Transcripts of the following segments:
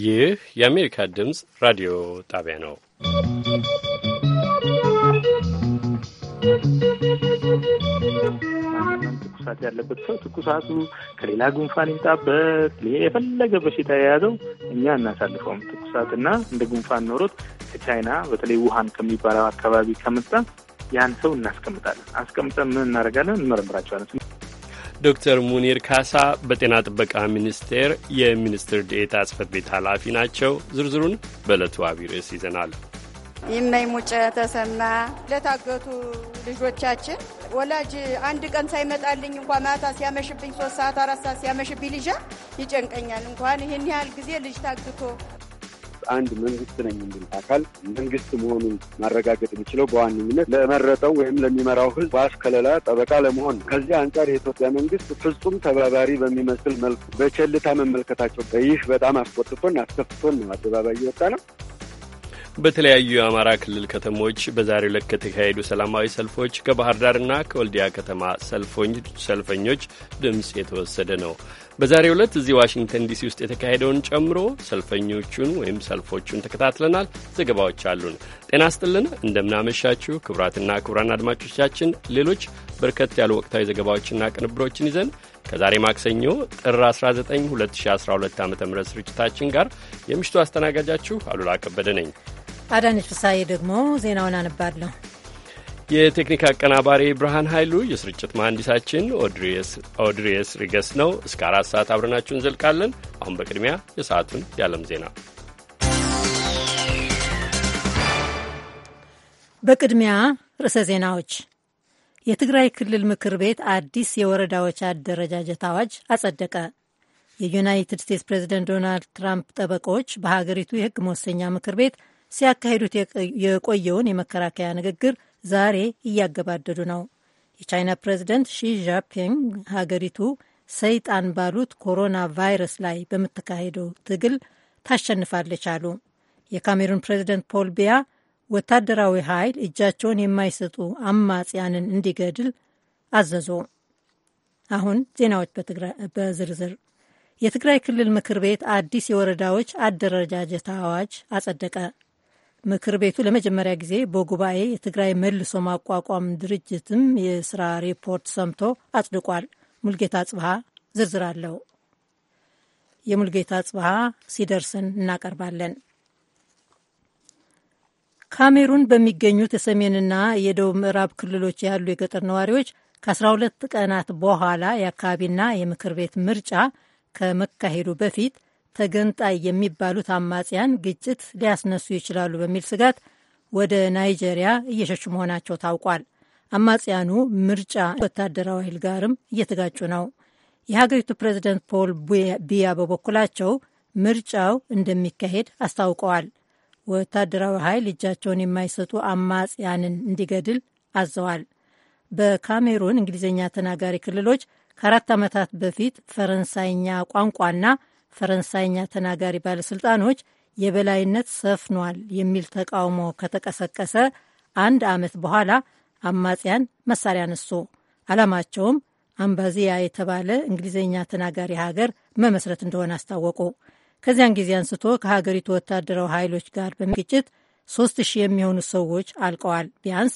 ይህ የአሜሪካ ድምፅ ራዲዮ ጣቢያ ነው። ትኩሳት ያለበት ሰው ትኩሳቱ ከሌላ ጉንፋን ይምጣበት የፈለገ በሽታ የያዘው እኛ እናሳልፈውም። ትኩሳትና እንደ ጉንፋን ኖሮት ከቻይና በተለይ ውሃን ከሚባለው አካባቢ ከመጣ ያን ሰው እናስቀምጣለን። አስቀምጠን ምን እናደርጋለን? እንመረምራቸዋለን። ዶክተር ሙኒር ካሳ በጤና ጥበቃ ሚኒስቴር የሚኒስትር ዴኤታ ጽህፈት ቤት ኃላፊ ናቸው። ዝርዝሩን በዕለቱ አብይ ርዕስ ይዘናል። ይመኝ ሙጨ ተሰማ ለታገቱ ልጆቻችን ወላጅ አንድ ቀን ሳይመጣልኝ እንኳ ማታ ሲያመሽብኝ ሶስት ሰዓት አራት ሰዓት ሲያመሽብኝ ልጃ ይጨንቀኛል። እንኳን ይህን ያህል ጊዜ ልጅ ታግቶ አንድ መንግስት ነኝ የሚል አካል መንግስት መሆኑን ማረጋገጥ የሚችለው በዋነኝነት ለመረጠው ወይም ለሚመራው ህዝብ ዋስ ከለላ ጠበቃ ለመሆን ነው። ከዚህ አንጻር የኢትዮጵያ መንግስት ፍጹም ተባባሪ በሚመስል መልኩ በቸልታ መመልከታቸው ይህ በጣም አስቆጥቶን አስከፍቶን ነው አደባባይ እየወጣ ነው። በተለያዩ የአማራ ክልል ከተሞች በዛሬው ዕለት ከተካሄዱ ሰላማዊ ሰልፎች ከባህር ዳርና ከወልዲያ ከተማ ሰልፈኞች ድምፅ የተወሰደ ነው። በዛሬው ዕለት እዚህ ዋሽንግተን ዲሲ ውስጥ የተካሄደውን ጨምሮ ሰልፈኞቹን ወይም ሰልፎቹን ተከታትለናል። ዘገባዎች አሉን። ጤና ስጥልን፣ እንደምናመሻችሁ ክቡራትና ክቡራን አድማጮቻችን ሌሎች በርከት ያሉ ወቅታዊ ዘገባዎችና ቅንብሮችን ይዘን ከዛሬ ማክሰኞ ጥር 19 2012 ዓ ም ስርጭታችን ጋር የምሽቱ አስተናጋጃችሁ አሉላ ከበደ ነኝ። አዳነች ፍሳዬ ደግሞ ዜናውን አነባለሁ። የቴክኒክ አቀናባሪ ብርሃን ኃይሉ፣ የስርጭት መሐንዲሳችን ኦድሪየስ ሪገስ ነው። እስከ አራት ሰዓት አብረናችሁ እንዘልቃለን። አሁን በቅድሚያ የሰዓቱን የዓለም ዜና። በቅድሚያ ርዕሰ ዜናዎች የትግራይ ክልል ምክር ቤት አዲስ የወረዳዎች አደረጃጀት አዋጅ አጸደቀ። የዩናይትድ ስቴትስ ፕሬዚደንት ዶናልድ ትራምፕ ጠበቆች በሀገሪቱ የሕግ መወሰኛ ምክር ቤት ሲያካሂዱት የቆየውን የመከራከያ ንግግር ዛሬ እያገባደዱ ነው። የቻይና ፕሬዚደንት ሺ ጂንፒንግ ሀገሪቱ ሰይጣን ባሉት ኮሮና ቫይረስ ላይ በምትካሄደው ትግል ታሸንፋለች አሉ። የካሜሩን ፕሬዚደንት ፖል ቢያ ወታደራዊ ኃይል እጃቸውን የማይሰጡ አማጽያንን እንዲገድል አዘዙ። አሁን ዜናዎች በዝርዝር የትግራይ ክልል ምክር ቤት አዲስ የወረዳዎች አደረጃጀት አዋጅ አጸደቀ። ምክር ቤቱ ለመጀመሪያ ጊዜ በጉባኤ የትግራይ መልሶ ማቋቋም ድርጅትም የስራ ሪፖርት ሰምቶ አጽድቋል። ሙልጌታ ጽብሃ ዝርዝር አለው። የሙልጌታ ጽብሃ ሲደርስን እናቀርባለን። ካሜሩን በሚገኙት የሰሜንና የደቡብ ምዕራብ ክልሎች ያሉ የገጠር ነዋሪዎች ከ12 ቀናት በኋላ የአካባቢና የምክር ቤት ምርጫ ከመካሄዱ በፊት ተገንጣይ የሚባሉት አማጽያን ግጭት ሊያስነሱ ይችላሉ በሚል ስጋት ወደ ናይጄሪያ እየሸሹ መሆናቸው ታውቋል። አማጽያኑ ምርጫ ወታደራዊ ኃይል ጋርም እየተጋጩ ነው። የሀገሪቱ ፕሬዚደንት ፖል ቢያ በበኩላቸው ምርጫው እንደሚካሄድ አስታውቀዋል። ወታደራዊ ኃይል እጃቸውን የማይሰጡ አማጽያንን እንዲገድል አዘዋል። በካሜሩን እንግሊዝኛ ተናጋሪ ክልሎች ከአራት ዓመታት በፊት ፈረንሳይኛ ቋንቋና ፈረንሳይኛ ተናጋሪ ባለሥልጣኖች የበላይነት ሰፍኗል የሚል ተቃውሞ ከተቀሰቀሰ አንድ ዓመት በኋላ አማጽያን መሳሪያ አነሱ። ዓላማቸውም አምባዚያ የተባለ እንግሊዝኛ ተናጋሪ ሀገር መመስረት እንደሆነ አስታወቁ። ከዚያን ጊዜ አንስቶ ከሀገሪቱ ወታደራዊ ኃይሎች ጋር በግጭት ሶስት ሺህ የሚሆኑ ሰዎች አልቀዋል። ቢያንስ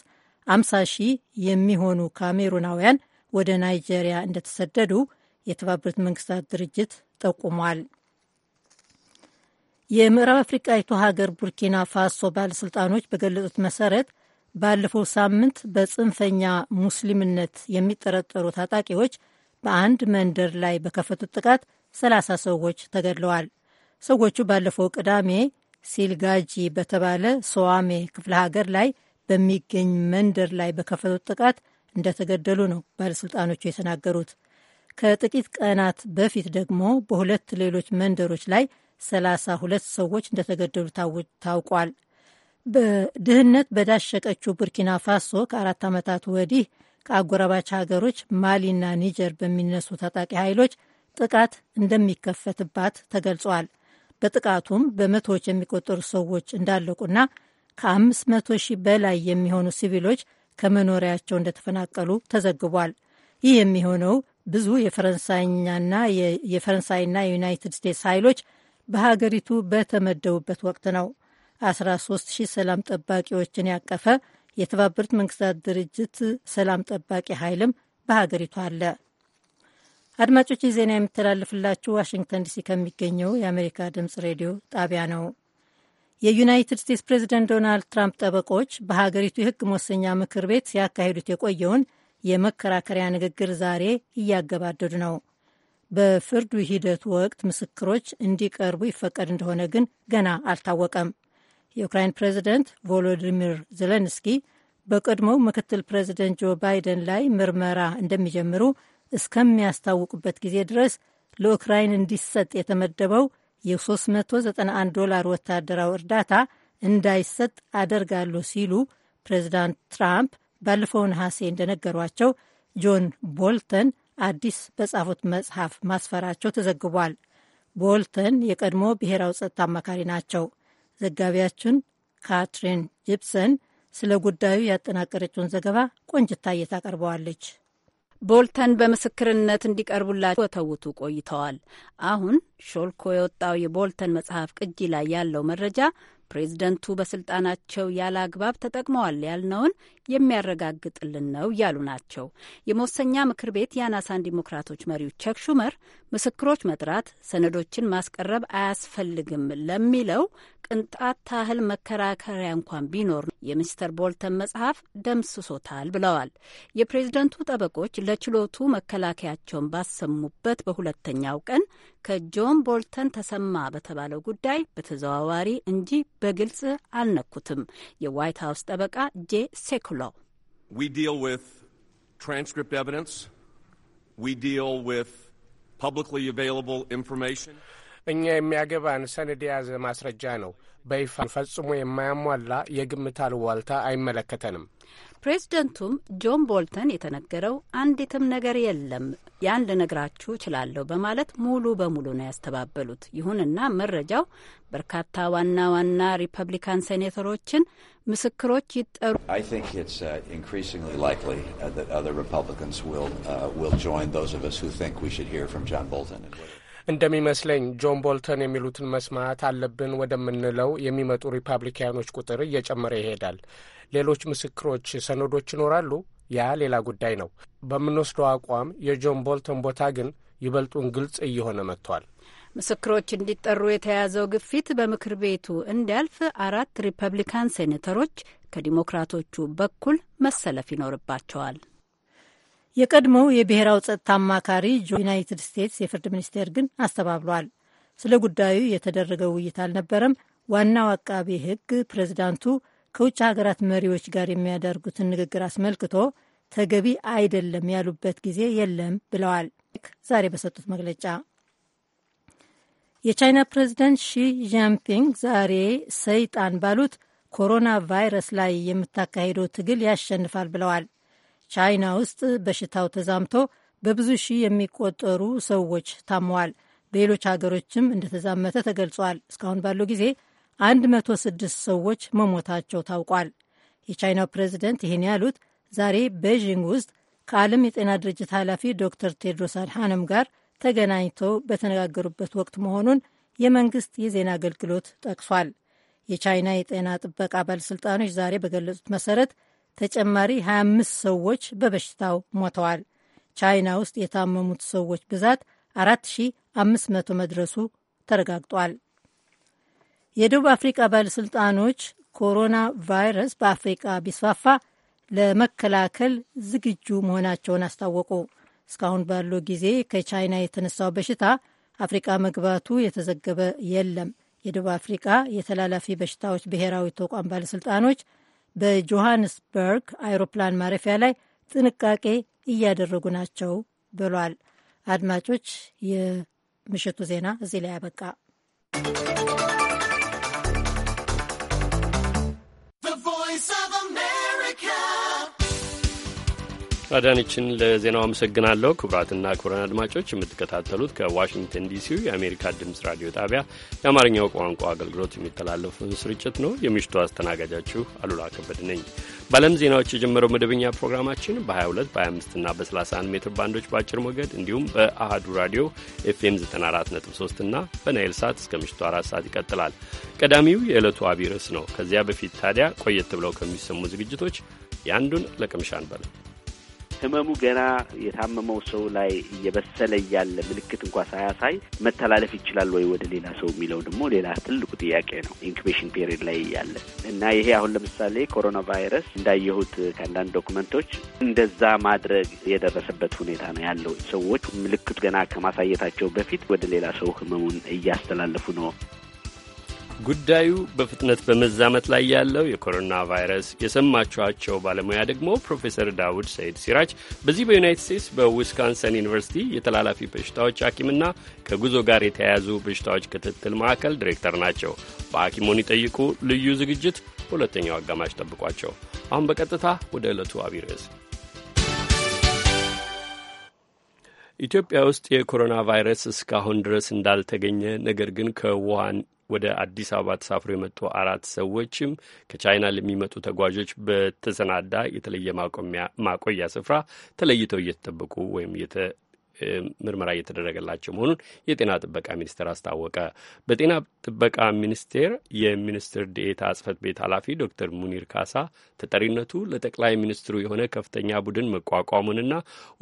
አምሳ ሺህ የሚሆኑ ካሜሩናውያን ወደ ናይጄሪያ እንደተሰደዱ የተባበሩት መንግስታት ድርጅት ጠቁሟል። የምዕራብ አፍሪቃዊቱ ሀገር ቡርኪና ፋሶ ባለሥልጣኖች በገለጹት መሰረት ባለፈው ሳምንት በጽንፈኛ ሙስሊምነት የሚጠረጠሩ ታጣቂዎች በአንድ መንደር ላይ በከፈቱት ጥቃት 30 ሰዎች ተገድለዋል። ሰዎቹ ባለፈው ቅዳሜ ሲልጋጂ በተባለ ሰዋሜ ክፍለ ሀገር ላይ በሚገኝ መንደር ላይ በከፈቱት ጥቃት እንደተገደሉ ነው ባለሥልጣኖቹ የተናገሩት። ከጥቂት ቀናት በፊት ደግሞ በሁለት ሌሎች መንደሮች ላይ ሁለት ሰዎች እንደተገደሉ ታውቋል። በድህነት በዳሸቀችው ቡርኪና ፋሶ ከአራት ዓመታት ወዲህ ከአጎራባች ሀገሮች ማሊና ኒጀር በሚነሱ ታጣቂ ኃይሎች ጥቃት እንደሚከፈትባት ተገልጿል። በጥቃቱም በመቶዎች የሚቆጠሩ ሰዎች እንዳለቁና ከአምስት መቶ ሺህ በላይ የሚሆኑ ሲቪሎች ከመኖሪያቸው እንደተፈናቀሉ ተዘግቧል። ይህ የሚሆነው ብዙ የፈረንሳይና የዩናይትድ ስቴትስ ኃይሎች በሀገሪቱ በተመደቡበት ወቅት ነው። 13 ሺህ ሰላም ጠባቂዎችን ያቀፈ የተባበሩት መንግስታት ድርጅት ሰላም ጠባቂ ኃይልም በሀገሪቱ አለ። አድማጮች፣ ዜና የሚተላለፍላችሁ ዋሽንግተን ዲሲ ከሚገኘው የአሜሪካ ድምፅ ሬዲዮ ጣቢያ ነው። የዩናይትድ ስቴትስ ፕሬዚደንት ዶናልድ ትራምፕ ጠበቆች በሀገሪቱ የህግ መወሰኛ ምክር ቤት ሲያካሂዱት የቆየውን የመከራከሪያ ንግግር ዛሬ እያገባደዱ ነው። በፍርዱ ሂደት ወቅት ምስክሮች እንዲቀርቡ ይፈቀድ እንደሆነ ግን ገና አልታወቀም። የዩክራይን ፕሬዚደንት ቮሎዲሚር ዜሌንስኪ በቀድሞው ምክትል ፕሬዚደንት ጆ ባይደን ላይ ምርመራ እንደሚጀምሩ እስከሚያስታውቁበት ጊዜ ድረስ ለኡክራይን እንዲሰጥ የተመደበው የ391 ዶላር ወታደራዊ እርዳታ እንዳይሰጥ አደርጋለሁ ሲሉ ፕሬዚዳንት ትራምፕ ባለፈው ነሐሴ እንደነገሯቸው ጆን ቦልተን አዲስ በጻፉት መጽሐፍ ማስፈራቸው ተዘግቧል። ቦልተን የቀድሞ ብሔራዊ ጸጥታ አማካሪ ናቸው። ዘጋቢያችን ካትሪን ጂፕሰን ስለ ጉዳዩ ያጠናቀረችውን ዘገባ ቆንጅታዬ ታቀርበዋለች። ቦልተን በምስክርነት እንዲቀርቡላቸው ተውቱ ቆይተዋል። አሁን ሾልኮ የወጣው የቦልተን መጽሐፍ ቅጂ ላይ ያለው መረጃ ፕሬዝደንቱ በስልጣናቸው ያለ አግባብ ተጠቅመዋል ያልነውን የሚያረጋግጥልን ነው እያሉ ናቸው። የመወሰኛ ምክር ቤት የአናሳን ዲሞክራቶች መሪው ቸክ ሹመር ምስክሮች መጥራት፣ ሰነዶችን ማስቀረብ አያስፈልግም ለሚለው ቅንጣት ታህል መከራከሪያ እንኳን ቢኖር የሚስተር ቦልተን መጽሐፍ ደምስሶታል ብለዋል። የፕሬዝደንቱ ጠበቆች ለችሎቱ መከላከያቸውን ባሰሙበት በሁለተኛው ቀን ከጆን ቦልተን ተሰማ በተባለው ጉዳይ በተዘዋዋሪ እንጂ በግልጽ አልነኩትም። የዋይት ሀውስ ጠበቃ ጄ ሴኩሎ እኛ የሚያገባን ሰነድ የያዘ ማስረጃ ነው። በይፋ ፈጽሞ የማያሟላ የግምት አልዋልታ አይመለከተንም። ፕሬዝደንቱም ጆን ቦልተን የተነገረው አንዲትም ነገር የለም ያን ልነግራችሁ እችላለሁ በማለት ሙሉ በሙሉ ነው ያስተባበሉት። ይሁንና መረጃው በርካታ ዋና ዋና ሪፐብሊካን ሴኔተሮችን ምስክሮች ይጠሩ እንደሚመስለኝ ጆን ቦልተን የሚሉትን መስማት አለብን ወደምንለው የሚመጡ ሪፐብሊካኖች ቁጥር እየጨመረ ይሄዳል። ሌሎች ምስክሮች ሰነዶች ይኖራሉ። ያ ሌላ ጉዳይ ነው። በምንወስደው አቋም የጆን ቦልተን ቦታ ግን ይበልጡን ግልጽ እየሆነ መጥቷል። ምስክሮች እንዲጠሩ የተያዘው ግፊት በምክር ቤቱ እንዲያልፍ አራት ሪፐብሊካን ሴኔተሮች ከዲሞክራቶቹ በኩል መሰለፍ ይኖርባቸዋል። የቀድሞው የብሔራዊ ጸጥታ አማካሪ ዩናይትድ ስቴትስ የፍርድ ሚኒስቴር ግን አስተባብሏል። ስለ ጉዳዩ የተደረገው ውይይት አልነበረም። ዋናው አቃቢ ሕግ ፕሬዚዳንቱ ከውጭ ሀገራት መሪዎች ጋር የሚያደርጉትን ንግግር አስመልክቶ ተገቢ አይደለም ያሉበት ጊዜ የለም ብለዋል። ዛሬ በሰጡት መግለጫ የቻይና ፕሬዚደንት ሺ ጂንፒንግ ዛሬ ሰይጣን ባሉት ኮሮና ቫይረስ ላይ የምታካሄደው ትግል ያሸንፋል ብለዋል። ቻይና ውስጥ በሽታው ተዛምቶ በብዙ ሺህ የሚቆጠሩ ሰዎች ታመዋል። በሌሎች ሀገሮችም እንደተዛመተ ተገልጿል። እስካሁን ባለው ጊዜ 106 ሰዎች መሞታቸው ታውቋል። የቻይናው ፕሬዚደንት ይህን ያሉት ዛሬ ቤዥንግ ውስጥ ከዓለም የጤና ድርጅት ኃላፊ ዶክተር ቴድሮስ አድሓኖም ጋር ተገናኝተው በተነጋገሩበት ወቅት መሆኑን የመንግስት የዜና አገልግሎት ጠቅሷል። የቻይና የጤና ጥበቃ ባለሥልጣኖች ዛሬ በገለጹት መሰረት ተጨማሪ 25 ሰዎች በበሽታው ሞተዋል። ቻይና ውስጥ የታመሙት ሰዎች ብዛት 4500 መድረሱ ተረጋግጧል። የደቡብ አፍሪካ ባለሥልጣኖች ኮሮና ቫይረስ በአፍሪቃ ቢስፋፋ ለመከላከል ዝግጁ መሆናቸውን አስታወቁ። እስካሁን ባለው ጊዜ ከቻይና የተነሳው በሽታ አፍሪቃ መግባቱ የተዘገበ የለም። የደቡብ አፍሪቃ የተላላፊ በሽታዎች ብሔራዊ ተቋም ባለሥልጣኖች በጆሃንስበርግ አይሮፕላን ማረፊያ ላይ ጥንቃቄ እያደረጉ ናቸው ብሏል። አድማጮች፣ የምሽቱ ዜና እዚህ ላይ አበቃ። አዳነችን ለዜናው አመሰግናለሁ። ክቡራትና ክቡራን አድማጮች የምትከታተሉት ከዋሽንግተን ዲሲው የአሜሪካ ድምፅ ራዲዮ ጣቢያ የአማርኛው ቋንቋ አገልግሎት የሚተላለፉን ስርጭት ነው። የምሽቱ አስተናጋጃችሁ አሉላ ከበድ ነኝ። በዓለም ዜናዎች የጀመረው መደበኛ ፕሮግራማችን በ22 በ25ና በ31 ሜትር ባንዶች በአጭር ሞገድ እንዲሁም በአሃዱ ራዲዮ ኤፍኤም 943 እና በናይል ሰዓት እስከ ምሽቱ አራት ሰዓት ይቀጥላል። ቀዳሚው የዕለቱ አቢይ ርዕስ ነው። ከዚያ በፊት ታዲያ ቆየት ብለው ከሚሰሙ ዝግጅቶች የአንዱን ለቅምሻ እንበል። ህመሙ ገና የታመመው ሰው ላይ እየበሰለ እያለ ምልክት እንኳ ሳያሳይ መተላለፍ ይችላል ወይ ወደ ሌላ ሰው የሚለው ደግሞ ሌላ ትልቁ ጥያቄ ነው። ኢንኩቤሽን ፔሪድ ላይ እያለ እና ይሄ አሁን ለምሳሌ ኮሮና ቫይረስ እንዳየሁት ከአንዳንድ ዶክመንቶች እንደዛ ማድረግ የደረሰበት ሁኔታ ነው ያለው። ሰዎች ምልክቱ ገና ከማሳየታቸው በፊት ወደ ሌላ ሰው ህመሙን እያስተላለፉ ነው። ጉዳዩ በፍጥነት በመዛመት ላይ ያለው የኮሮና ቫይረስ የሰማችኋቸው ባለሙያ ደግሞ ፕሮፌሰር ዳውድ ሰይድ ሲራጅ በዚህ በዩናይትድ ስቴትስ በዊስካንሰን ዩኒቨርሲቲ የተላላፊ በሽታዎች ሐኪምና ከጉዞ ጋር የተያያዙ በሽታዎች ክትትል ማዕከል ዲሬክተር ናቸው። በሐኪሞን ይጠይቁ ልዩ ዝግጅት በሁለተኛው አጋማሽ ጠብቋቸው። አሁን በቀጥታ ወደ ዕለቱ አቢይ ርዕስ ኢትዮጵያ ውስጥ የኮሮና ቫይረስ እስካሁን ድረስ እንዳልተገኘ ነገር ግን ከውሃን ወደ አዲስ አበባ ተሳፍሮ የመጡ አራት ሰዎችም ከቻይና ለሚመጡ ተጓዦች በተሰናዳ የተለየ ማቆያ ስፍራ ተለይተው እየተጠበቁ ወይም ምርመራ እየተደረገላቸው መሆኑን የጤና ጥበቃ ሚኒስቴር አስታወቀ። በጤና ጥበቃ ሚኒስቴር የሚኒስትር ዴኤታ ጽህፈት ቤት ኃላፊ ዶክተር ሙኒር ካሳ ተጠሪነቱ ለጠቅላይ ሚኒስትሩ የሆነ ከፍተኛ ቡድን መቋቋሙንና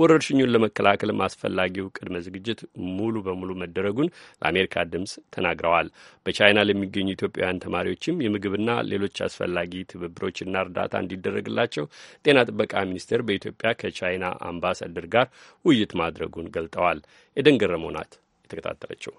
ወረርሽኙን ለመከላከልም አስፈላጊው ቅድመ ዝግጅት ሙሉ በሙሉ መደረጉን ለአሜሪካ ድምፅ ተናግረዋል። በቻይና ለሚገኙ ኢትዮጵያውያን ተማሪዎችም የምግብና ሌሎች አስፈላጊ ትብብሮችና እርዳታ እንዲደረግላቸው ጤና ጥበቃ ሚኒስቴር በኢትዮጵያ ከቻይና አምባሳደር ጋር ውይይት ማድረጉን መሆኑን ገልጠዋል። ኤደን ገረመው ናት የተከታተለችው።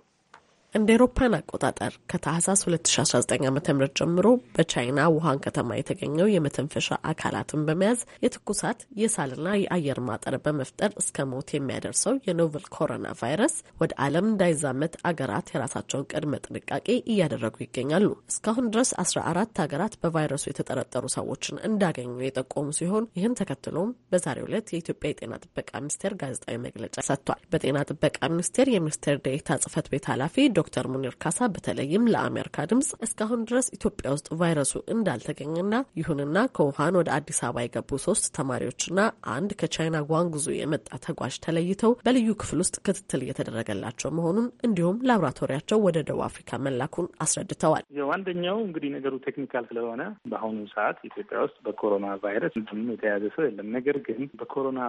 እንደ ኤሮፓን አቆጣጠር ከታህሳስ 2019 ዓ ም ጀምሮ በቻይና ውሃን ከተማ የተገኘው የመተንፈሻ አካላትን በመያዝ የትኩሳት የሳልና የአየር ማጠር በመፍጠር እስከ ሞት የሚያደርሰው የኖቨል ኮሮና ቫይረስ ወደ ዓለም እንዳይዛመት አገራት የራሳቸውን ቅድመ ጥንቃቄ እያደረጉ ይገኛሉ። እስካሁን ድረስ 14 ሀገራት በቫይረሱ የተጠረጠሩ ሰዎችን እንዳገኙ የጠቆሙ ሲሆን ይህን ተከትሎም በዛሬው ዕለት የኢትዮጵያ የጤና ጥበቃ ሚኒስቴር ጋዜጣዊ መግለጫ ሰጥቷል። በጤና ጥበቃ ሚኒስቴር የሚኒስቴር ዴኤታ ጽህፈት ቤት ኃላፊ ዶክተር ሙኒር ካሳ በተለይም ለአሜሪካ ድምጽ እስካሁን ድረስ ኢትዮጵያ ውስጥ ቫይረሱ እንዳልተገኘና ይሁንና ከውሃን ወደ አዲስ አበባ የገቡ ሶስት ተማሪዎችና አንድ ከቻይና ጓንጉዞ የመጣ ተጓዥ ተለይተው በልዩ ክፍል ውስጥ ክትትል እየተደረገላቸው መሆኑን እንዲሁም ላብራቶሪያቸው ወደ ደቡብ አፍሪካ መላኩን አስረድተዋል። አንደኛው እንግዲህ ነገሩ ቴክኒካል ስለሆነ በአሁኑ ሰዓት ኢትዮጵያ ውስጥ በኮሮና ቫይረስ የተያዘ ሰው የለም። ነገር ግን በኮሮና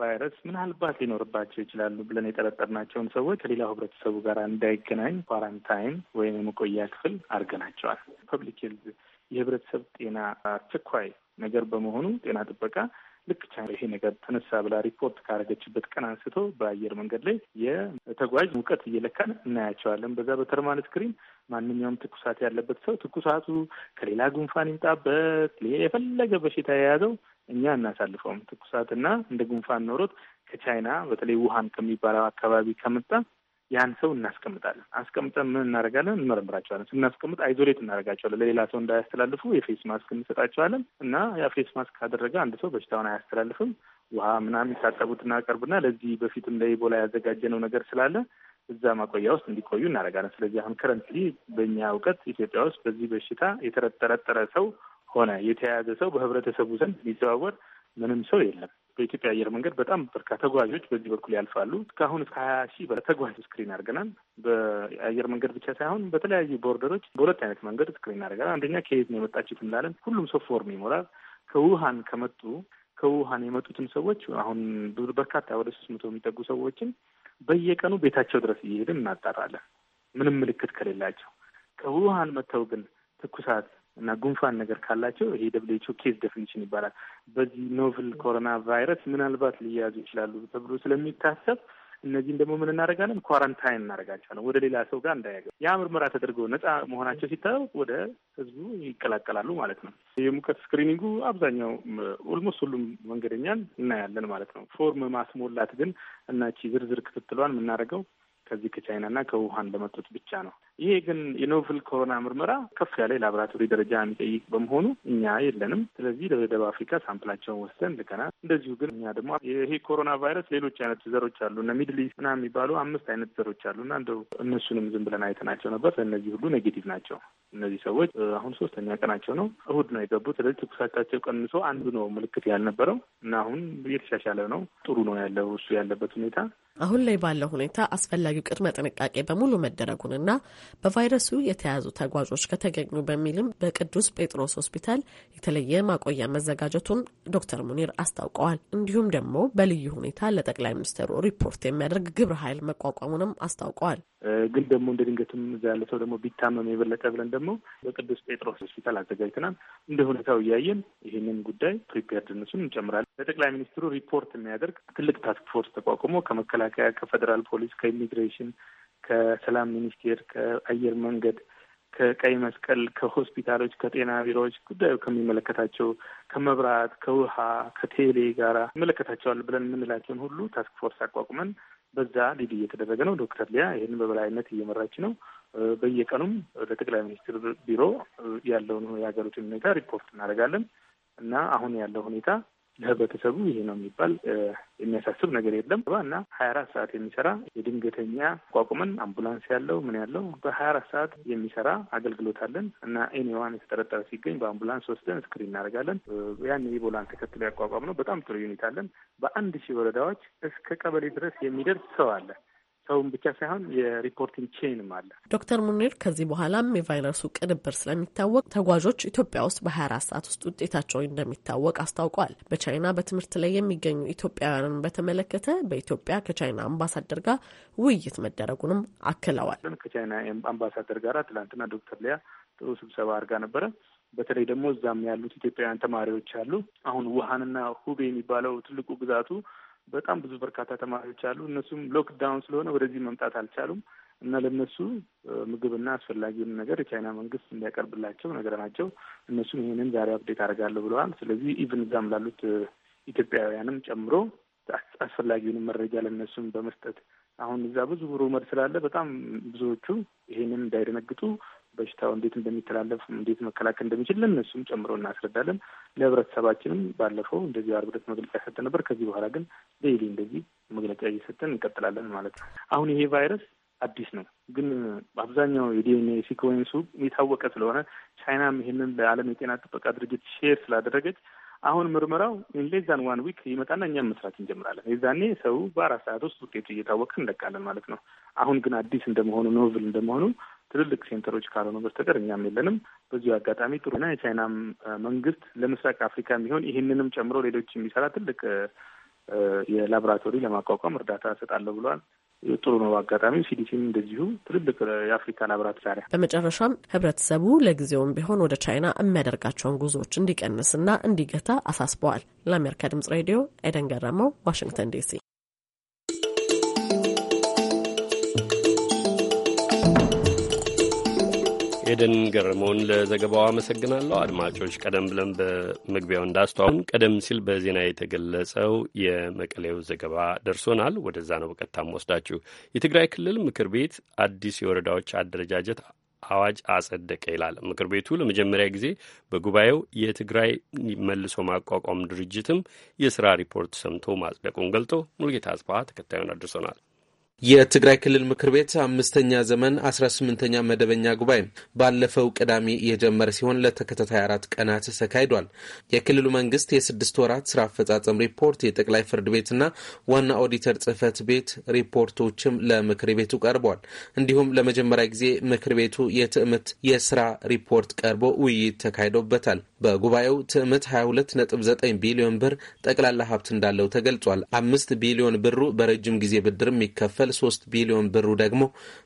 ቫይረስ ምናልባት ሊኖርባቸው ይችላሉ ብለን የጠረጠርናቸውን ሰዎች ከሌላው ህብረተሰቡ ጋር እንዳይገናኝ ኳራንታይን ወይም የመቆያ ክፍል አድርገናቸዋል። ፐብሊክ ሄልዝ የህብረተሰብ ጤና አስቸኳይ ነገር በመሆኑ ጤና ጥበቃ ልክ ቻይና ይሄ ነገር ተነሳ ብላ ሪፖርት ካረገችበት ቀን አንስቶ በአየር መንገድ ላይ የተጓዥ ሙቀት እየለካን እናያቸዋለን። በዛ በተርማል ስክሪን ማንኛውም ትኩሳት ያለበት ሰው ትኩሳቱ ከሌላ ጉንፋን ይምጣበት የፈለገ በሽታ የያዘው እኛ እናሳልፈውም። ትኩሳትና እንደ ጉንፋን ኖሮት ከቻይና በተለይ ውሃን ከሚባለው አካባቢ ከመጣ ያን ሰው እናስቀምጣለን። አስቀምጠን ምን እናደርጋለን? እንመረምራቸዋለን። ስናስቀምጥ አይዞሌት እናደርጋቸዋለን። ለሌላ ሰው እንዳያስተላልፉ የፌስ ማስክ እንሰጣቸዋለን እና ያ ፌስ ማስክ ካደረገ አንድ ሰው በሽታውን አያስተላልፍም። ውሃ ምናምን የታጠቡት እናቀርብና ለዚህ በፊትም ለኢቦላ ያዘጋጀነው ነገር ስላለ እዛ ማቆያ ውስጥ እንዲቆዩ እናደርጋለን። ስለዚህ አሁን ከረንትሊ በእኛ እውቀት ኢትዮጵያ ውስጥ በዚህ በሽታ የተጠረጠረ ሰው ሆነ የተያያዘ ሰው በህብረተሰቡ ዘንድ የሚዘዋወር ምንም ሰው የለም። በኢትዮጵያ አየር መንገድ በጣም በርካታ ተጓዦች በዚህ በኩል ያልፋሉ። እስካሁን እስከ ሀያ ሺህ ተጓዥ ስክሪን አድርገናል። በአየር መንገድ ብቻ ሳይሆን በተለያዩ ቦርደሮች በሁለት አይነት መንገድ ስክሪን አድርገናል። አንደኛ ከየት ነው የመጣችሁት እንላለን። ሁሉም ሰው ፎርም ይሞላል። ከውሃን ከመጡ ከውሃን የመጡትን ሰዎች አሁን ብዙ በርካታ ወደ ሶስት መቶ የሚጠጉ ሰዎችን በየቀኑ ቤታቸው ድረስ እየሄድን እናጣራለን ምንም ምልክት ከሌላቸው ከውሃን መጥተው ግን ትኩሳት እና ጉንፋን ነገር ካላቸው ይሄ ደብሊውኤችኦ ኬዝ ደፊኒሽን ይባላል። በዚህ ኖቭል ኮሮና ቫይረስ ምናልባት ሊያዙ ይችላሉ ተብሎ ስለሚታሰብ እነዚህን ደግሞ ምን እናደርጋለን? ኳራንታይን እናደርጋቸዋለን ወደ ሌላ ሰው ጋር እንዳያገ ያ ምርመራ ተደርገው ነፃ መሆናቸው ሲታወቅ ወደ ህዝቡ ይቀላቀላሉ ማለት ነው። የሙቀት ስክሪኒንጉ አብዛኛው ኦልሞስት ሁሉም መንገደኛን እናያለን ማለት ነው። ፎርም ማስሞላት ግን እናቺ ዝርዝር ክትትሏን የምናደርገው ከዚህ ከቻይና እና ከውሃን ለመጡት ብቻ ነው። ይሄ ግን የኖቭል ኮሮና ምርመራ ከፍ ያለ የላቦራቶሪ ደረጃ የሚጠይቅ በመሆኑ እኛ የለንም። ስለዚህ ለደቡብ አፍሪካ ሳምፕላቸውን ወስደን ልከናል። እንደዚሁ ግን እኛ ደግሞ ይሄ ኮሮና ቫይረስ ሌሎች አይነት ዘሮች አሉ እና ሚድል ኢስት ምናምን የሚባሉ አምስት አይነት ዘሮች አሉ እና እንደው እነሱንም ዝም ብለን አይተናቸው ነበር። ለእነዚህ ሁሉ ኔጌቲቭ ናቸው። እነዚህ ሰዎች አሁን ሶስተኛ ቀናቸው ነው። እሁድ ነው የገቡት። ስለዚህ ትኩሳታቸው ቀንሶ አንዱ ነው ምልክት ያልነበረው እና አሁን እየተሻሻለ ነው። ጥሩ ነው ያለው እሱ ያለበት ሁኔታ። አሁን ላይ ባለው ሁኔታ አስፈላጊው ቅድመ ጥንቃቄ በሙሉ መደረጉንና በቫይረሱ የተያዙ ተጓዦች ከተገኙ በሚልም በቅዱስ ጴጥሮስ ሆስፒታል የተለየ ማቆያ መዘጋጀቱን ዶክተር ሙኒር አስታውቀዋል። እንዲሁም ደግሞ በልዩ ሁኔታ ለጠቅላይ ሚኒስትሩ ሪፖርት የሚያደርግ ግብረ ኃይል መቋቋሙንም አስታውቀዋል። ግን ደግሞ እንደ ድንገትም እዛ ያለ ሰው ደግሞ ቢታመም የበለጠ ብለን ደግሞ በቅዱስ ጴጥሮስ ሆስፒታል አዘጋጅተናል። እንደ ሁኔታው እያየን ይህንን ጉዳይ ፕሪፔርድነሱን እንጨምራለን። ለጠቅላይ ሚኒስትሩ ሪፖርት የሚያደርግ ትልቅ ታስክ ፎርስ ተቋቁሞ ከመከላከያ፣ ከፌዴራል ፖሊስ፣ ከኢሚግሬሽን ከሰላም ሚኒስቴር፣ ከአየር መንገድ፣ ከቀይ መስቀል፣ ከሆስፒታሎች፣ ከጤና ቢሮዎች ጉዳዩ ከሚመለከታቸው ከመብራት፣ ከውሃ፣ ከቴሌ ጋራ ይመለከታቸዋል ብለን የምንላቸውን ሁሉ ታስክ ፎርስ አቋቁመን በዛ ሊድ እየተደረገ ነው። ዶክተር ሊያ ይህንን በበላይነት እየመራች ነው። በየቀኑም ለጠቅላይ ሚኒስትር ቢሮ ያለውን የሀገሪቱን ሁኔታ ሪፖርት እናደርጋለን እና አሁን ያለው ሁኔታ ለህብረተሰቡ ይሄ ነው የሚባል የሚያሳስብ ነገር የለም እና ሀያ አራት ሰዓት የሚሰራ የድንገተኛ ቋቁመን አምቡላንስ ያለው ምን ያለው በሀያ አራት ሰዓት የሚሰራ አገልግሎት አለን እና ኤኒዋን የተጠረጠረ ሲገኝ በአምቡላንስ ወስደን ስክሪን እናደርጋለን። ያን ኢቦላን ተከትሎ ያቋቋም ነው። በጣም ጥሩ ዩኒት አለን። በአንድ ሺህ ወረዳዎች እስከ ቀበሌ ድረስ የሚደርስ ሰው አለ። ሰውን ብቻ ሳይሆን የሪፖርቲንግ ቼንም አለ። ዶክተር ሙኒር ከዚህ በኋላም የቫይረሱ ቅንብር ስለሚታወቅ ተጓዦች ኢትዮጵያ ውስጥ በ አራት ሰዓት ውስጥ ውጤታቸው እንደሚታወቅ አስታውቋል። በቻይና በትምህርት ላይ የሚገኙ ኢትዮጵያውያንን በተመለከተ በኢትዮጵያ ከቻይና አምባሳደር ጋር ውይይት መደረጉንም አክለዋል። ከቻይና አምባሳደር ጋር ትላንትና ዶክተር ሊያ ጥሩ ስብሰባ አድርጋ ነበረ። በተለይ ደግሞ እዛም ያሉት ኢትዮጵያውያን ተማሪዎች አሉ። አሁን ውሃንና ሁቤ የሚባለው ትልቁ ግዛቱ በጣም ብዙ በርካታ ተማሪዎች አሉ። እነሱም ሎክዳውን ስለሆነ ወደዚህ መምጣት አልቻሉም እና ለእነሱ ምግብና አስፈላጊውን ነገር የቻይና መንግስት እንዲያቀርብላቸው ነገርናቸው። እነሱም ይህንን ዛሬ አፕዴት አደርጋለሁ ብለዋል። ስለዚህ ኢቭን እዛም ላሉት ኢትዮጵያውያንም ጨምሮ አስፈላጊውንም መረጃ ለእነሱም በመስጠት አሁን እዛ ብዙ ሩመር ስላለ በጣም ብዙዎቹ ይሄንን እንዳይደነግጡ በሽታው እንዴት እንደሚተላለፍ እንዴት መከላከል እንደሚችል ለእነሱም ጨምሮ እናስረዳለን። ለህብረተሰባችንም ባለፈው እንደዚህ አርብ ዕለት መግለጫ ሰጠ ነበር። ከዚህ በኋላ ግን ዴይሊ እንደዚህ መግለጫ እየሰጠን እንቀጥላለን ማለት ነው። አሁን ይሄ ቫይረስ አዲስ ነው፣ ግን አብዛኛው የዲኤንኤ ሲኮንሱ የታወቀ ስለሆነ ቻይናም ይሄንን ለዓለም የጤና ጥበቃ ድርጅት ሼር ስላደረገች አሁን ምርመራው ኢንሌዛን ዋን ዊክ ይመጣና እኛም መስራት እንጀምራለን። የዛኔ ሰው በአራት ሰዓት ውስጥ ውጤቱ እየታወቀ እንለቃለን ማለት ነው። አሁን ግን አዲስ እንደመሆኑ ኖቭል እንደመሆኑ ትልልቅ ሴንተሮች ካልሆኑ በስተቀር እኛም የለንም። በዚሁ አጋጣሚ ጥሩና የቻይና መንግስት ለምስራቅ አፍሪካ የሚሆን ይህንንም ጨምሮ ሌሎች የሚሰራ ትልቅ የላቦራቶሪ ለማቋቋም እርዳታ እሰጣለሁ ብለዋል። ጥሩ ነው። አጋጣሚ ሲዲሲም እንደዚሁ ትልልቅ የአፍሪካ ላብራቶሪ። በመጨረሻም ህብረተሰቡ ለጊዜውም ቢሆን ወደ ቻይና የሚያደርጋቸውን ጉዞዎች እንዲቀንስና እንዲገታ አሳስበዋል። ለአሜሪካ ድምጽ ሬዲዮ ኤደን ገረመው፣ ዋሽንግተን ዲሲ ኤደን ገርመውን ለዘገባው አመሰግናለሁ። አድማጮች፣ ቀደም ብለን በመግቢያው እንዳስተዋውን ቀደም ሲል በዜና የተገለጸው የመቀሌው ዘገባ ደርሶናል። ወደዛ ነው በቀጥታም ወስዳችሁ። የትግራይ ክልል ምክር ቤት አዲስ የወረዳዎች አደረጃጀት አዋጅ አጸደቀ ይላል። ምክር ቤቱ ለመጀመሪያ ጊዜ በጉባኤው የትግራይ መልሶ ማቋቋም ድርጅትም የስራ ሪፖርት ሰምቶ ማጽደቁን ገልጦ ሙልጌታ አጽባ ተከታዩን አድርሶናል። የትግራይ ክልል ምክር ቤት አምስተኛ ዘመን አስራ ስምንተኛ መደበኛ ጉባኤ ባለፈው ቅዳሜ የጀመረ ሲሆን ለተከታታይ አራት ቀናት ተካሂዷል። የክልሉ መንግስት የስድስት ወራት ስራ አፈጻጸም ሪፖርት፣ የጠቅላይ ፍርድ ቤትና ዋና ኦዲተር ጽህፈት ቤት ሪፖርቶችም ለምክር ቤቱ ቀርበዋል። እንዲሁም ለመጀመሪያ ጊዜ ምክር ቤቱ የትዕምት የስራ ሪፖርት ቀርቦ ውይይት ተካሂዶበታል። በጉባኤው ትዕምት 22.9 ቢሊዮን ብር ጠቅላላ ሀብት እንዳለው ተገልጿል። አምስት ቢሊዮን ብሩ በረጅም ጊዜ ብድር የሚከፈል ሲከፈል ሶስት ቢሊዮን ብሩ ደግሞ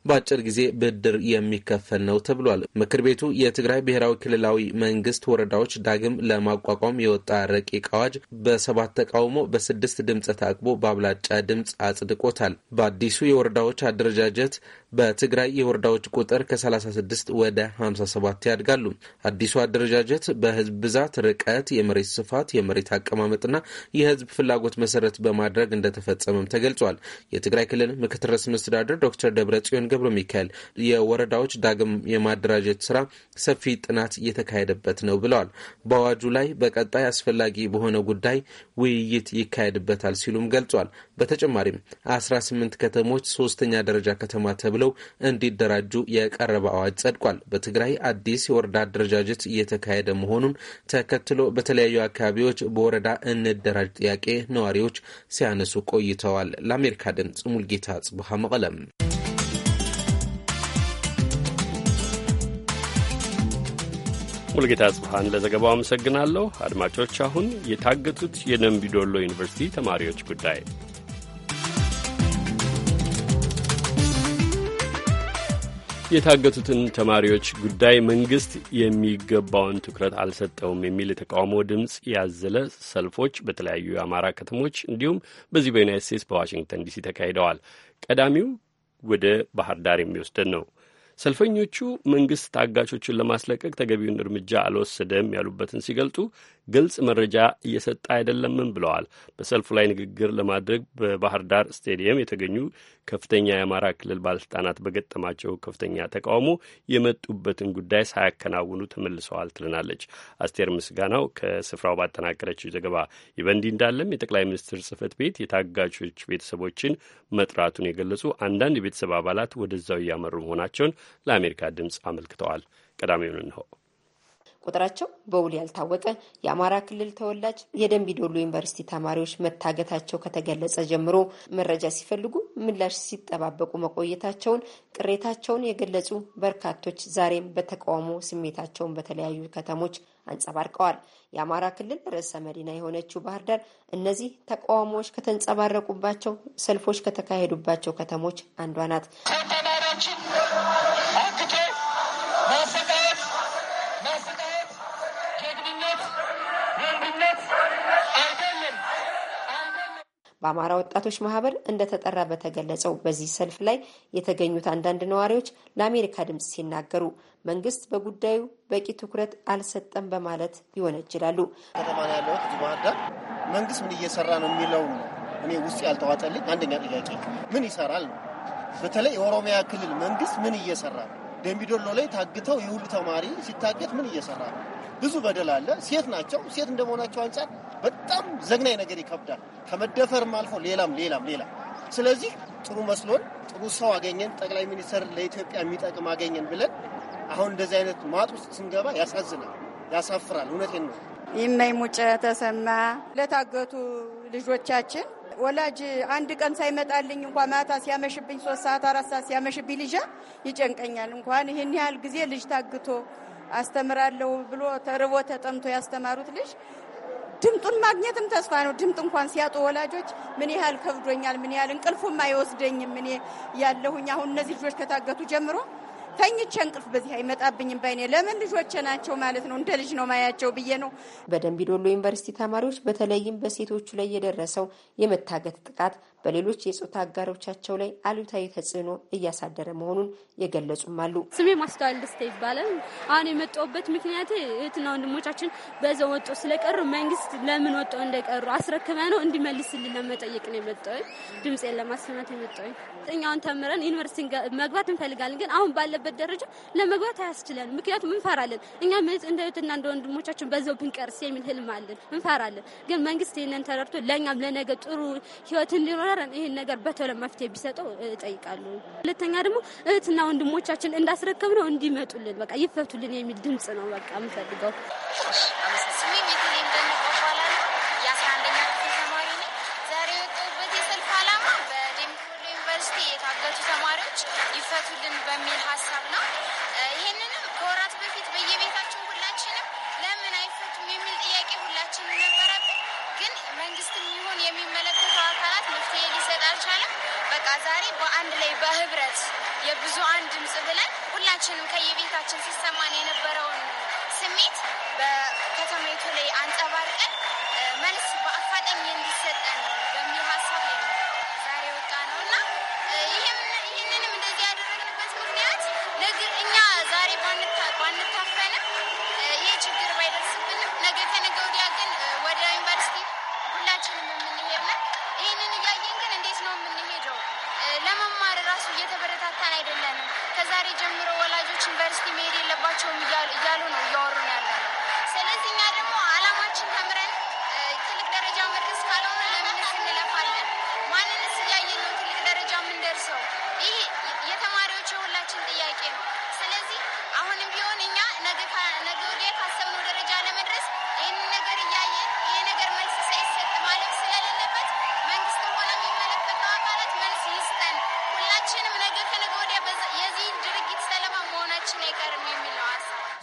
በአጭር ጊዜ ብድር የሚከፈል ነው ተብሏል። ምክር ቤቱ የትግራይ ብሔራዊ ክልላዊ መንግስት ወረዳዎች ዳግም ለማቋቋም የወጣ ረቂቅ አዋጅ በሰባት ተቃውሞ በስድስት ድምፅ ታቅቦ በአብላጫ ድምፅ አጽድቆታል። በአዲሱ የወረዳዎች አደረጃጀት በትግራይ የወረዳዎች ቁጥር ከ36 ወደ 57 ያድጋሉ። አዲሱ አደረጃጀት በህዝብ ብዛት፣ ርቀት፣ የመሬት ስፋት፣ የመሬት አቀማመጥና የህዝብ ፍላጎት መሰረት በማድረግ እንደተፈጸመም ተገልጿል። የትግራይ ክልል ምክትል ርዕሰ መስተዳድር ዶክተር ደብረ ጽዮን ገብረ ሚካኤል የወረዳዎች ዳግም የማደራጀት ስራ ሰፊ ጥናት እየተካሄደበት ነው ብለዋል። በአዋጁ ላይ በቀጣይ አስፈላጊ በሆነ ጉዳይ ውይይት ይካሄድበታል ሲሉም ገልጿል። በተጨማሪም 18 ከተሞች ሶስተኛ ደረጃ ከተማ ተብሎ ብለው እንዲደራጁ የቀረበ አዋጅ ጸድቋል። በትግራይ አዲስ የወረዳ አደረጃጀት እየተካሄደ መሆኑን ተከትሎ በተለያዩ አካባቢዎች በወረዳ እንደራጅ ጥያቄ ነዋሪዎች ሲያነሱ ቆይተዋል። ለአሜሪካ ድምፅ ሙልጌታ ጽቡሃ መቀለም። ሙልጌታ ጽብሃን ለዘገባው አመሰግናለሁ። አድማጮች፣ አሁን የታገቱት የደንቢዶሎ ዩኒቨርሲቲ ተማሪዎች ጉዳይ የታገቱትን ተማሪዎች ጉዳይ መንግስት የሚገባውን ትኩረት አልሰጠውም የሚል የተቃውሞ ድምፅ ያዘለ ሰልፎች በተለያዩ የአማራ ከተሞች እንዲሁም በዚህ በዩናይት ስቴትስ በዋሽንግተን ዲሲ ተካሂደዋል። ቀዳሚው ወደ ባህር ዳር የሚወስደን ነው። ሰልፈኞቹ መንግስት ታጋቾችን ለማስለቀቅ ተገቢውን እርምጃ አልወሰደም ያሉበትን ሲገልጡ ግልጽ መረጃ እየሰጠ አይደለምም ብለዋል። በሰልፉ ላይ ንግግር ለማድረግ በባህር ዳር ስቴዲየም የተገኙ ከፍተኛ የአማራ ክልል ባለስልጣናት በገጠማቸው ከፍተኛ ተቃውሞ የመጡበትን ጉዳይ ሳያከናውኑ ተመልሰዋል ትልናለች አስቴር ምስጋናው ከስፍራው ባጠናቀረችው ዘገባ። ይህ በእንዲህ እንዳለም የጠቅላይ ሚኒስትር ጽህፈት ቤት የታጋቾች ቤተሰቦችን መጥራቱን የገለጹ አንዳንድ የቤተሰብ አባላት ወደዛው እያመሩ መሆናቸውን ለአሜሪካ ድምፅ አመልክተዋል። ቀዳሚውን እንሆ። ቁጥራቸው በውል ያልታወቀ የአማራ ክልል ተወላጅ የደንቢዶሎ ዩኒቨርሲቲ ተማሪዎች መታገታቸው ከተገለጸ ጀምሮ መረጃ ሲፈልጉ ምላሽ ሲጠባበቁ መቆየታቸውን ቅሬታቸውን የገለጹ በርካቶች ዛሬም በተቃውሞ ስሜታቸውን በተለያዩ ከተሞች አንጸባርቀዋል። የአማራ ክልል ርዕሰ መዲና የሆነችው ባህር ዳር እነዚህ ተቃውሞዎች ከተንጸባረቁባቸው ሰልፎች ከተካሄዱባቸው ከተሞች አንዷ ናት። በአማራ ወጣቶች ማህበር እንደተጠራ በተገለጸው በዚህ ሰልፍ ላይ የተገኙት አንዳንድ ነዋሪዎች ለአሜሪካ ድምፅ ሲናገሩ መንግስት በጉዳዩ በቂ ትኩረት አልሰጠም በማለት ይወነጅላሉ። ከተማ ነው ያለሁት እዚህ ባህር ዳር። መንግስት ምን እየሰራ ነው የሚለው እኔ ውስጥ ያልተዋጠልኝ አንደኛ ጥያቄ ምን ይሰራል ነው። በተለይ የኦሮሚያ ክልል መንግስት ምን እየሰራ ነው? ደምቢዶሎ ላይ ታግተው የሁሉ ተማሪ ሲታገት ምን እየሰራ ነው? ብዙ በደል አለ። ሴት ናቸው። ሴት እንደመሆናቸው አንጻር በጣም ዘግናይ ነገር ይከብዳል። ከመደፈርም አልፎ ሌላም ሌላም ሌላም። ስለዚህ ጥሩ መስሎን ጥሩ ሰው አገኘን፣ ጠቅላይ ሚኒስትር ለኢትዮጵያ የሚጠቅም አገኘን ብለን አሁን እንደዚህ አይነት ማጥ ውስጥ ስንገባ ያሳዝናል፣ ያሳፍራል። እውነቴን ነው። ይመኝ ሙጨ ተሰማ ለታገቱ ልጆቻችን ወላጅ አንድ ቀን ሳይመጣልኝ እንኳ ማታ ሲያመሽብኝ ሶስት ሰዓት አራት ሰዓት ሲያመሽብኝ ልጃ ይጨንቀኛል። እንኳን ይህን ያህል ጊዜ ልጅ ታግቶ አስተምራለሁ ብሎ ተርቦ ተጠምቶ ያስተማሩት ልጅ ድምጡን ማግኘትም ተስፋ ነው። ድምጥ እንኳን ሲያጡ ወላጆች ምን ያህል ከብዶኛል፣ ምን ያህል እንቅልፉም አይወስደኝም እኔ ያለሁኝ አሁን እነዚህ ልጆች ከታገቱ ጀምሮ ተኝቼ እንቅልፍ በዚህ አይመጣብኝም። ባይኔ ለምን ልጆቼ ናቸው ማለት ነው እንደ ልጅ ነው ማያቸው ብዬ ነው። በደንቢ ዶሎ ዩኒቨርሲቲ ተማሪዎች በተለይም በሴቶቹ ላይ የደረሰው የመታገት ጥቃት በሌሎች የጾታ አጋሮቻቸው ላይ አሉታዊ ተጽዕኖ እያሳደረ መሆኑን የገለጹም አሉ። ስሜ ማስተዋል ደስታ ይባላል። አሁን የመጣሁበት ምክንያት እህትና ወንድሞቻችን በዛው ወጦ ስለቀሩ መንግስት ለምን ወጦ እንደቀሩ አስረክመ ነው እንዲመልስልን ለመጠየቅ ነው የመጣሁኝ። ድምፄን ለማሰማት የመጣሁኝ። ጥኛውን ተምረን ዩኒቨርሲቲ መግባት እንፈልጋለን፣ ግን አሁን ባለበት ደረጃ ለመግባት አያስችለን። ምክንያቱም እንፈራለን። እኛ እንደ እህትና እንደ ወንድሞቻችን በዛው ብንቀርስ የሚል ህልም አለን። እንፈራለን። ግን መንግስት ይህንን ተረድቶ ለእኛም ለነገ ጥሩ ህይወት እንዲኖረ አመራርን ይህን ነገር በቶሎ መፍትሄ ቢሰጠው እጠይቃለሁ። ሁለተኛ ደግሞ እህትና ወንድሞቻችን እንዳስረከብ ነው እንዲመጡልን፣ በቃ ይፈቱልን የሚል ድምጽ ነው በቃ የምፈልገው። የብዙሀን ድምፅ ብለን ሁላችንም ከየቤታችን ሲሰማን የነበረውን ስሜት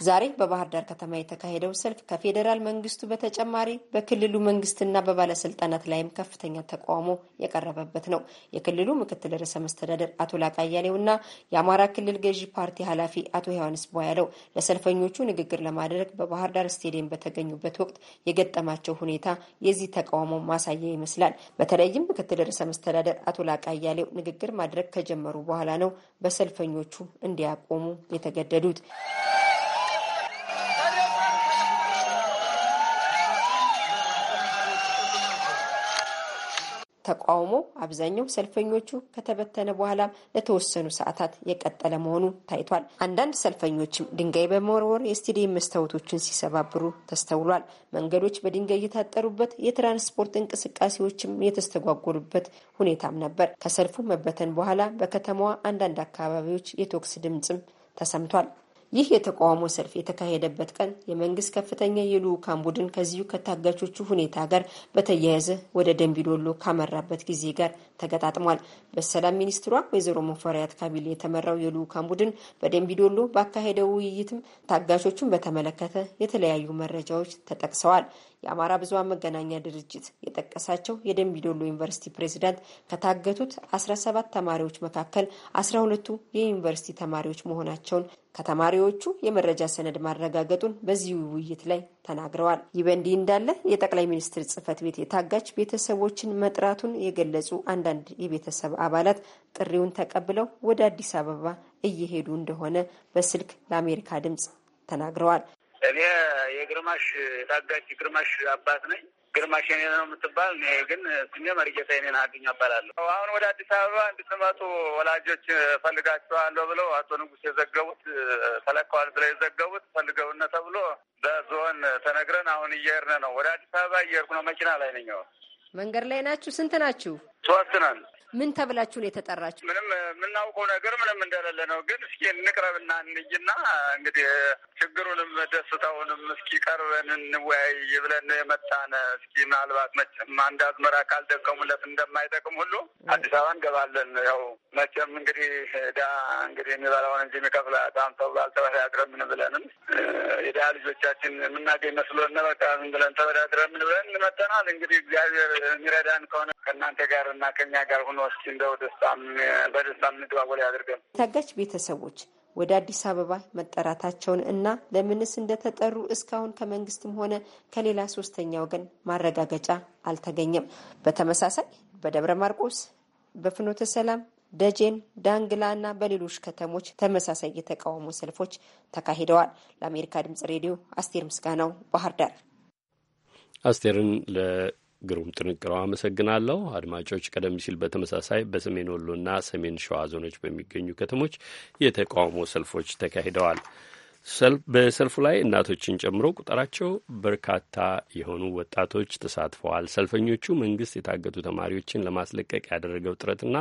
ዛሬ በባህር ዳር ከተማ የተካሄደው ሰልፍ ከፌዴራል መንግስቱ በተጨማሪ በክልሉ መንግስትና በባለስልጣናት ላይም ከፍተኛ ተቃውሞ የቀረበበት ነው። የክልሉ ምክትል ርዕሰ መስተዳደር አቶ ላቃ አያሌውና የአማራ ክልል ገዢ ፓርቲ ኃላፊ አቶ ዮሐንስ ቧያለው ለሰልፈኞቹ ንግግር ለማድረግ በባህር ዳር ስቴዲየም በተገኙበት ወቅት የገጠማቸው ሁኔታ የዚህ ተቃውሞ ማሳያ ይመስላል። በተለይም ምክትል ርዕሰ መስተዳደር አቶ ላቃ አያሌው ንግግር ማድረግ ከጀመሩ በኋላ ነው በሰልፈኞቹ እንዲያቆሙ የተገደዱት። ተቃውሞ አብዛኛው ሰልፈኞቹ ከተበተነ በኋላም ለተወሰኑ ሰዓታት የቀጠለ መሆኑ ታይቷል። አንዳንድ ሰልፈኞችም ድንጋይ በመወርወር የስቴዲየም መስታወቶችን ሲሰባብሩ ተስተውሏል። መንገዶች በድንጋይ የታጠሩበት፣ የትራንስፖርት እንቅስቃሴዎችም የተስተጓጎሉበት ሁኔታም ነበር። ከሰልፉ መበተን በኋላ በከተማዋ አንዳንድ አካባቢዎች የቶክስ ድምፅም ተሰምቷል። ይህ የተቃውሞ ሰልፍ የተካሄደበት ቀን የመንግስት ከፍተኛ የልዑካን ቡድን ከዚሁ ከታጋቾቹ ሁኔታ ጋር በተያያዘ ወደ ደንቢዶሎ ካመራበት ጊዜ ጋር ተገጣጥሟል። በሰላም ሚኒስትሯ ወይዘሮ ሙፈሪያት ካቢሌ የተመራው የልዑካን ቡድን በደንቢዶሎ ባካሄደው ውይይትም ታጋቾቹን በተመለከተ የተለያዩ መረጃዎች ተጠቅሰዋል። የአማራ ብዙሃን መገናኛ ድርጅት የጠቀሳቸው የደምቢዶሎ ዩኒቨርሲቲ ፕሬዚዳንት ከታገቱት አስራ ሰባት ተማሪዎች መካከል አስራ ሁለቱ የዩኒቨርሲቲ ተማሪዎች መሆናቸውን ከተማሪዎቹ የመረጃ ሰነድ ማረጋገጡን በዚህ ውይይት ላይ ተናግረዋል። ይህ በእንዲህ እንዳለ የጠቅላይ ሚኒስትር ጽህፈት ቤት የታጋች ቤተሰቦችን መጥራቱን የገለጹ አንዳንድ የቤተሰብ አባላት ጥሪውን ተቀብለው ወደ አዲስ አበባ እየሄዱ እንደሆነ በስልክ ለአሜሪካ ድምጽ ተናግረዋል። እኔ የግርማሽ የታጋች ግርማሽ አባት ነኝ። ግርማሽ የኔ ነው የምትባል። እኔ ግን ስሜ መርጌታ የኔን አገኝ አባላለሁ። አሁን ወደ አዲስ አበባ እንድትመጡ ወላጆች ፈልጋቸዋለሁ ብለው አቶ ንጉስ የዘገቡት ተለቀዋል ብለው የዘገቡት ፈልገውነ ተብሎ በዞን ተነግረን አሁን እየሄድን ነው። ወደ አዲስ አበባ እየሄድኩ ነው። መኪና ላይ ነኝ። መንገድ ላይ ናችሁ? ስንት ናችሁ? ሶስት ነን። ምን ተብላችሁ ነው የተጠራችሁ? ምንም የምናውቀው ነገር ምንም እንደሌለ ነው። ግን እስኪ እንቅረብና እንይና እንግዲህ ችግሩንም ደስታውንም እስኪ ቀርበን እንወያይ ብለን የመጣን እስኪ ምናልባት መቼም አንድ አዝመራ ካልደቀሙለት እንደማይጠቅም ሁሉ አዲስ አበባ እንገባለን። ያው መቼም እንግዲህ ዳ እንግዲህ የሚበላውን እንጂ የሚከፍለ ጣም ሰው አልተበዳድረን ምን ብለንም የዳ ልጆቻችን የምናገኝ መስሎን በቃ ብለን ተበዳድረን ምን ብለን እንመጠናል። እንግዲህ እግዚአብሔር የሚረዳን ከሆነ ከእናንተ ጋር እና ከኛ ጋር ሆኖ ሆኖ እስኪ እንደው ደስታ በደስታ እንግባቦላ ያደርገን። ታጋች ቤተሰቦች ወደ አዲስ አበባ መጠራታቸውን እና ለምንስ እንደተጠሩ እስካሁን ከመንግስትም ሆነ ከሌላ ሶስተኛ ወገን ማረጋገጫ አልተገኘም። በተመሳሳይ በደብረ ማርቆስ፣ በፍኖተ ሰላም፣ ደጀን፣ ዳንግላ እና በሌሎች ከተሞች ተመሳሳይ የተቃውሞ ሰልፎች ተካሂደዋል። ለአሜሪካ ድምጽ ሬዲዮ አስቴር ምስጋናው ባህር ዳር። አስቴርን ግሩም ጥንቅረው አመሰግናለሁ። አድማጮች፣ ቀደም ሲል በተመሳሳይ በሰሜን ወሎና ሰሜን ሸዋ ዞኖች በሚገኙ ከተሞች የተቃውሞ ሰልፎች ተካሂደዋል። በሰልፉ ላይ እናቶችን ጨምሮ ቁጥራቸው በርካታ የሆኑ ወጣቶች ተሳትፈዋል። ሰልፈኞቹ መንግስት የታገቱ ተማሪዎችን ለማስለቀቅ ያደረገው ጥረትና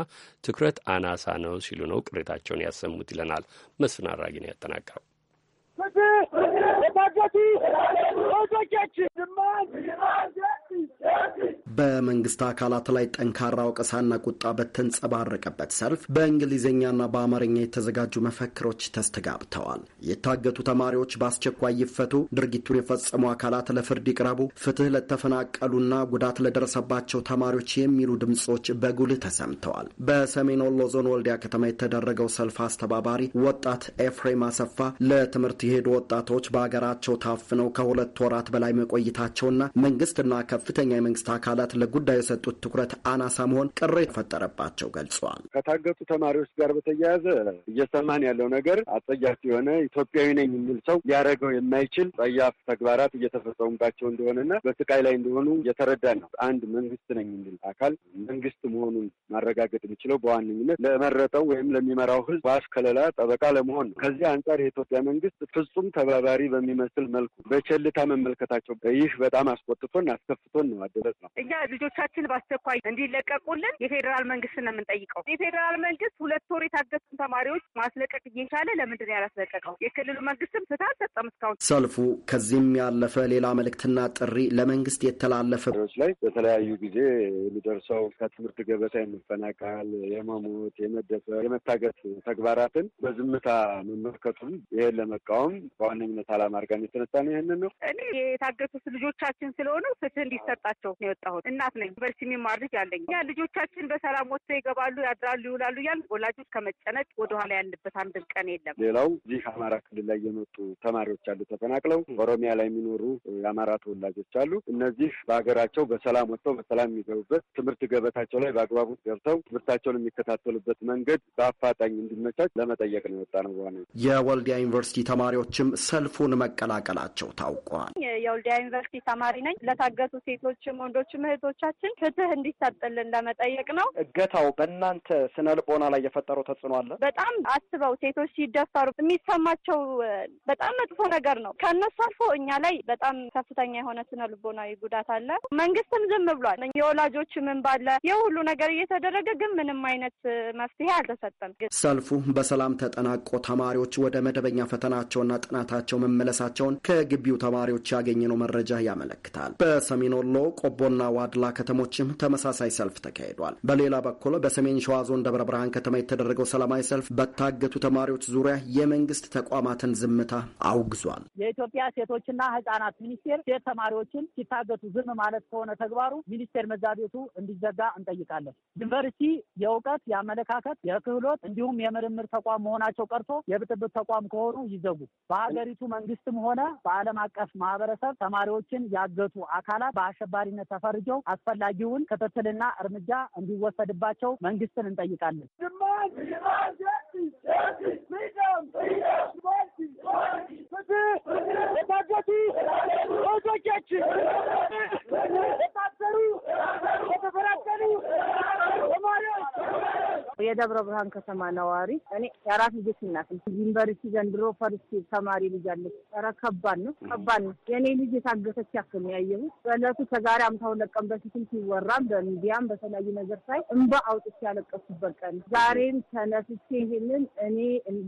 ትኩረት አናሳ ነው ሲሉ ነው ቅሬታቸውን ያሰሙት ይለናል መስፍን አራጊ ነው ያጠናቀረው። የታገቱ በመንግስት አካላት ላይ ጠንካራ ወቀሳና ቁጣ በተንጸባረቀበት ሰልፍ በእንግሊዝኛና በአማርኛ የተዘጋጁ መፈክሮች ተስተጋብተዋል። የታገቱ ተማሪዎች በአስቸኳይ ይፈቱ፣ ድርጊቱን የፈጸሙ አካላት ለፍርድ ይቅረቡ፣ ፍትህ ለተፈናቀሉና ጉዳት ለደረሰባቸው ተማሪዎች የሚሉ ድምፆች በጉልህ ተሰምተዋል። በሰሜን ወሎ ዞን ወልዲያ ከተማ የተደረገው ሰልፍ አስተባባሪ ወጣት ኤፍሬም አሰፋ ለትምህርት የሄዱ ወጣቶች በሀገራቸው ታፍነው ከሁለት ወራት በላይ መቆየታቸውና መንግስትና ከፍ ከፍተኛ የመንግስት አካላት ለጉዳዩ የሰጡት ትኩረት አናሳ መሆን ቅሬ የተፈጠረባቸው ገልጸዋል። ከታገቱ ተማሪዎች ጋር በተያያዘ እየሰማን ያለው ነገር አጸያፍ የሆነ ኢትዮጵያዊ ነኝ የሚል ሰው ሊያደርገው የማይችል ጸያፍ ተግባራት እየተፈጸሙባቸው እንደሆነና በስቃይ ላይ እንደሆኑ እየተረዳን ነው። አንድ መንግስት ነኝ የሚል አካል መንግስት መሆኑን ማረጋገጥ የሚችለው በዋነኝነት ለመረጠው ወይም ለሚመራው ህዝብ ዋስ፣ ከለላ፣ ጠበቃ ለመሆን ነው። ከዚህ አንጻር የኢትዮጵያ መንግስት ፍጹም ተባባሪ በሚመስል መልኩ በቸልታ መመልከታቸው ይህ በጣም አስቆጥቶን አስከፍቶ ሰጥቶን ነው አደረስ ነው። እኛ ልጆቻችን በአስቸኳይ እንዲለቀቁልን የፌዴራል መንግስት ነው የምንጠይቀው። የፌዴራል መንግስት ሁለት ወር የታገቱን ተማሪዎች ማስለቀቅ እየቻለ ለምንድን ያላስለቀቀው? የክልሉ መንግስትም ፍትህ አልሰጠም እስካሁን። ሰልፉ ከዚህም ያለፈ ሌላ መልእክትና ጥሪ ለመንግስት የተላለፈ ላይ በተለያዩ ጊዜ የሚደርሰው ከትምህርት ገበታ የመፈናቀል፣ የመሞት፣ የመደፈር፣ የመታገት ተግባራትን በዝምታ መመልከቱን ይህን ለመቃወም በዋነኝነት አላማ አድርገን የተነሳ ነው። ይህንን ነው እኔ የታገቱት ልጆቻችን ስለሆነ ፍትህ እንዲ ሊሰጣቸው ነው የወጣሁት። እናት ነኝ፣ ዩኒቨርሲቲ የሚማር ልጅ አለኝ። ልጆቻችን በሰላም ወጥቶ ይገባሉ፣ ያድራሉ፣ ይውላሉ እያል ወላጆች ከመጨነቅ ወደኋላ ያለበት አንድም ቀን የለም። ሌላው ይህ አማራ ክልል ላይ የመጡ ተማሪዎች አሉ ተፈናቅለው ኦሮሚያ ላይ የሚኖሩ የአማራ ተወላጆች አሉ። እነዚህ በሀገራቸው በሰላም ወጥተው በሰላም የሚገቡበት ትምህርት ገበታቸው ላይ በአግባቡ ገብተው ትምህርታቸውን የሚከታተሉበት መንገድ በአፋጣኝ እንዲመቻች ለመጠየቅ ነው የወጣ ነው። በሆነ የወልዲያ ዩኒቨርሲቲ ተማሪዎችም ሰልፉን መቀላቀላቸው ታውቋል። የወልዲያ ዩኒቨርሲቲ ተማሪ ነኝ። ለታገቱት ሴቶችም ወንዶችም እህቶቻችን ፍትህ እንዲሰጥልን ለመጠየቅ ነው። እገታው በእናንተ ስነ ልቦና ላይ የፈጠረው ተጽዕኖ አለ? በጣም አስበው፣ ሴቶች ሲደፈሩ የሚሰማቸው በጣም መጥፎ ነገር ነው። ከእነሱ አልፎ እኛ ላይ በጣም ከፍተኛ የሆነ ስነ ልቦናዊ ጉዳት አለ። መንግስትም ዝም ብሏል። የወላጆች ምን ባለ ይህ ሁሉ ነገር እየተደረገ ግን ምንም አይነት መፍትሄ አልተሰጠም። ሰልፉ በሰላም ተጠናቆ ተማሪዎች ወደ መደበኛ ፈተናቸውና ጥናታቸው መመለሳቸውን ከግቢው ተማሪዎች ያገኘነው መረጃ ያመለክታል። በሰሜኑ ወሎ፣ ቆቦና ዋድላ ከተሞችም ተመሳሳይ ሰልፍ ተካሂዷል። በሌላ በኩል በሰሜን ሸዋ ዞን ደብረ ብርሃን ከተማ የተደረገው ሰላማዊ ሰልፍ በታገቱ ተማሪዎች ዙሪያ የመንግስት ተቋማትን ዝምታ አውግዟል። የኢትዮጵያ ሴቶችና ህጻናት ሚኒስቴር ሴት ተማሪዎችን ሲታገቱ ዝም ማለት ከሆነ ተግባሩ ሚኒስቴር መዛቤቱ ቤቱ እንዲዘጋ እንጠይቃለን። ዩኒቨርሲቲ የእውቀት የአመለካከት፣ የክህሎት እንዲሁም የምርምር ተቋም መሆናቸው ቀርቶ የብጥብጥ ተቋም ከሆኑ ይዘጉ። በሀገሪቱ መንግስትም ሆነ በዓለም አቀፍ ማህበረሰብ ተማሪዎችን ያገቱ አካላት በአሸባሪነት ተፈርጀው አስፈላጊውን ክትትልና እርምጃ እንዲወሰድባቸው መንግስትን እንጠይቃለን። የደብረ ብርሃን ከተማ ነዋሪ እኔ የአራት ልጆች እናት ዩኒቨርሲቲ ዘንድሮ ፈርስቲ ተማሪ ልጅ አለች። ኧረ ከባድ ነው ከባድ ነው። የእኔ ልጅ የታገተች ያክል ነው ያየሁት በለ እውነቱ ከዛሬ አምሳ ሁለት ቀን በፊትም ሲወራም በሚዲያም በተለያዩ ነገር ሳይ እንባ አውጥቼ ያለቀሱበት ቀን ዛሬም ተነስቼ ይህንን እኔ